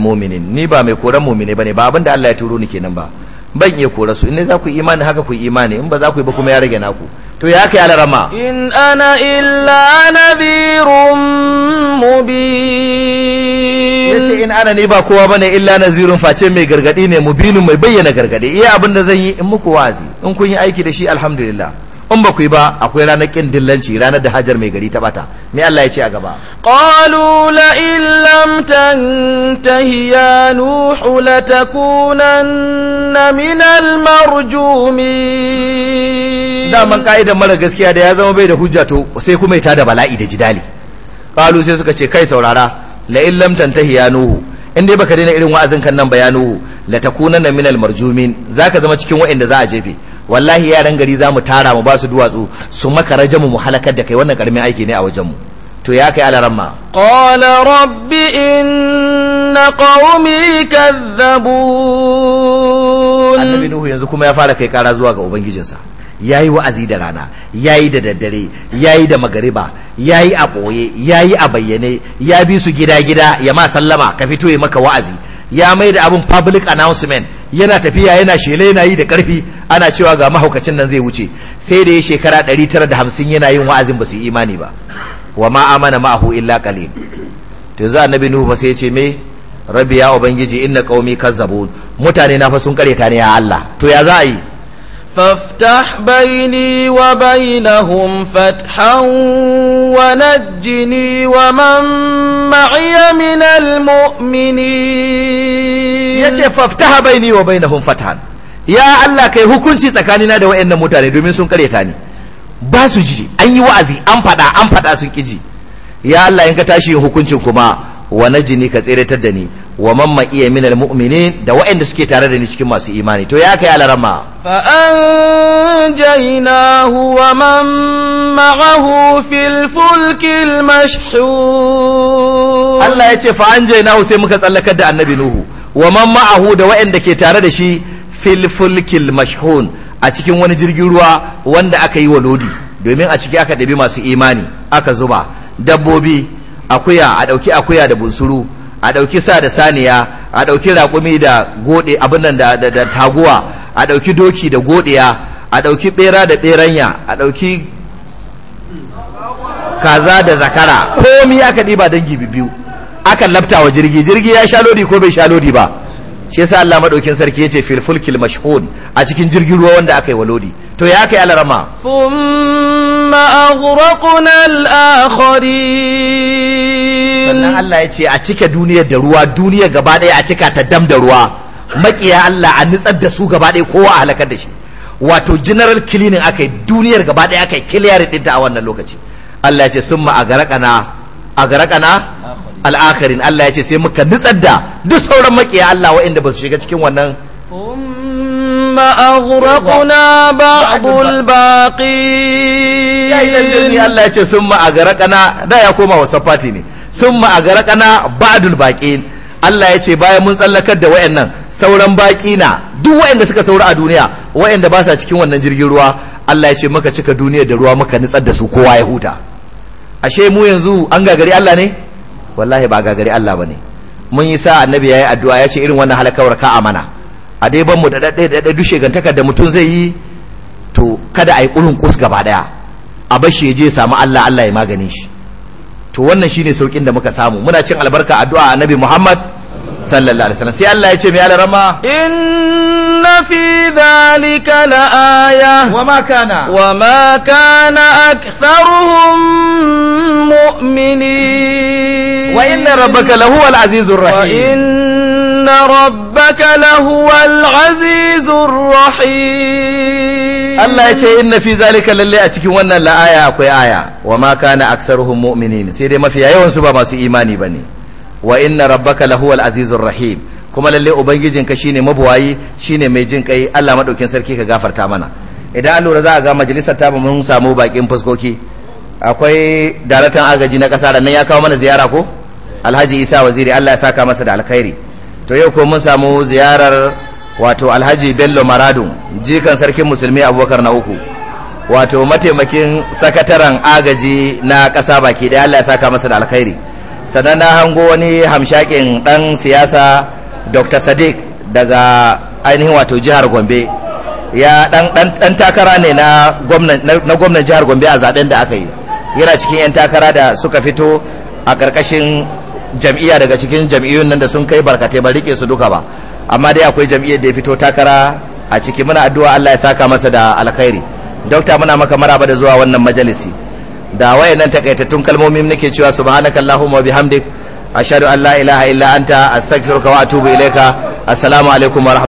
mu'minin ni ba mai koran mu'mine bane ba abinda Allah ya turo ni kenan ba ban iya kora su in ne za ku imani haka ku imani in ba za ku yi ba kuma ya rage naku to ya kai alarama in ana illa nadhirun mubin yace in ana ne ba kowa bane illa nazirun face mai gargadi ne mubinin mai bayyana gargadi iya abin da zan yi in muku wazi in kun yi aiki da shi alhamdulillah in ba ku yi ba akwai ranar ƙin dillanci ranar da hajar mai gari ta bata me Allah ya ce a gaba qalu la in lam tantahi ya nuhu latakunanna min al da man ka'idan mara gaskiya da ya zama bai da hujja to sai kuma ita da bala'i da jidali qalu sai suka ce kai saurara la in lam tantahi ya nuhu in dai baka daina irin wa'azin kan nan bayanuhu la takunanna minal marjumin zaka zama cikin wa'anda za a jefe wallahi yaran gari za mu tara mu ba su duwatsu su maka rajamu mu halakar da kai wannan karamin aiki ne a wajen mu to ya kai alaramma qala rabbi inna qaumi kadhabun annabi nuhu yanzu kuma ya fara kai kara zuwa ga ubangijinsa ya yi wa'azi da rana ya yi da daddare ya yi da magariba ya yi a ɓoye ya yi a bayyane ya bi su gida-gida ya ma sallama ka fito ya maka wa'azi ya mai da abin public announcement yana tafiya yana shela yana yi da ƙarfi ana cewa ga mahaukacin nan zai wuce sai da ya shekara 950 yana yin wa'azin ba su yi imani ba wa ma amana ma'ahu illa qalil to yanzu annabi nuhu fa sai ya ce me rabbi ya ubangiji inna qaumi kazzabun mutane na fa sun karyata ne a Allah to ya za a yi فافتح بيني وبينهم فتحا ونجني ومن معي من المؤمنين yace faftaha baini wa bainahum fathan ya Allah kai hukunci tsakanina da wayannan mutane domin sun karyata ni ba su ji an yi wa'azi an fada an fada sun kiji ya Allah in ka tashi yin hukuncin kuma wa jini ka tseratar da ni wa mamma iya minal mu'minin da waɗanda suke tare da ni cikin masu imani to ya kai alarama fa anjaynahu wa man ma'ahu fil al mashhur Allah ya ce fa anjaynahu sai muka tsallakar da annabi nuhu wa man ma'ahu da waɗanda ke tare da shi fil al mashhun a cikin wani jirgin ruwa wanda aka yi wa lodi domin a ciki aka ɗabi masu imani aka zuba dabbobi akuya a ɗauki akuya da bunsuru a ɗauki sa da saniya a ɗauki raƙumi da goɗe abin nan da taguwa a ɗauki doki da goɗiya a ɗauki ɓera da ɓeranya a ɗauki kaza da zakara komi aka ɗiba dangi biyu aka lafta wa jirgi jirgi ya sha lodi ko bai sha lodi ba shi yasa Allah madaukin sarki yace fil fulkil mashhun a cikin jirgin ruwa wanda aka yi wa lodi to ya kai alarama thumma aghraqna al-akharin sannan Allah ya ce a cika duniyar da ruwa duniya gaba ɗaya a cika ta dam da ruwa makiya Allah a nutsar da su gaba ɗaya kowa a halakar da shi wato general cleaning aka yi duniyar gaba ɗaya aka yi clear ta a wannan lokaci Allah ya ce sun ma a garakana a garakana al'akharin Allah ya ce sai muka nutsar da duk sauran makiya Allah inda ba su shiga cikin wannan أغرقنا بعض الباقين Allah ya ce sun ma'agara kana da ya koma wasan ne sun kana ba'adul baƙin Allah ya ce bayan mun tsallakar da wayannan sauran baƙi na duk wayanda suka saura a duniya wayanda ba sa cikin wannan jirgin ruwa Allah ya ce maka cika duniya da ruwa maka nitsar da su kowa ya huta ashe mu yanzu an gagari Allah ne wallahi ba gagari Allah bane mun yi sa annabi yayi addu'a ya ce irin wannan halakawar ka amana a dai ban mu da daɗe da dushe gantakar da mutum zai yi to kada a yi kus gaba daya a bashi ya je samu Allah Allah ya magane shi to wannan shine saukin da muka samu muna cin albarka addu'a annabi Muhammad sallallahu alaihi wasallam sai Allah ya ce mai alarama inna fi dhalika wa wama kana wama kana aktharuhum mu'minin wa inna rabbaka lahuwal azizur rahim إن ربك لهو العزيز الرحيم الله يتي إن في ذلك للي أتكي وانا لا آية أكوي آية وما كان أكثرهم مؤمنين سيدي ما في آية سبا ما سي إيماني بني وإن ربك لهو العزيز الرحيم kuma lalle ubangijinka shine shi ne mai jin kai Allah madaukin sarki ka gafarta mana idan an lura za a ga majalisar ta mun samu bakin fuskoki akwai daratan agaji na ƙasa da nan ya kawo mana ziyara ko alhaji isa waziri Allah ya saka masa da alkhairi to yau ko mun samu ziyarar wato alhaji bello maradun jikan sarkin musulmi abubakar na uku wato mataimakin sakataren agaji na ƙasa baki da allah ya saka masa da alkhairi sannan na hango wani hamshakin ɗan siyasa dr sadiq daga ainihin wato jihar gombe ya ɗan takara ne na gwamnan jihar gombe a zaɓen da aka yi yana cikin 'yan takara da suka fito a ƙarƙashin jam'iyya daga cikin jam'iyyun nan da sun kai barkate ba rike su duka ba amma dai akwai jam'iyyar da ya fito takara a ciki muna addu'a Allah ya saka masa da alkhairi dokta muna maka maraba da zuwa wannan majalisi da wayannan takaitattun kalmomin nake cewa subhanakallahumma wa bihamdik ashhadu an la ilaha illa anta astaghfiruka wa atubu ilaika assalamu alaikum wa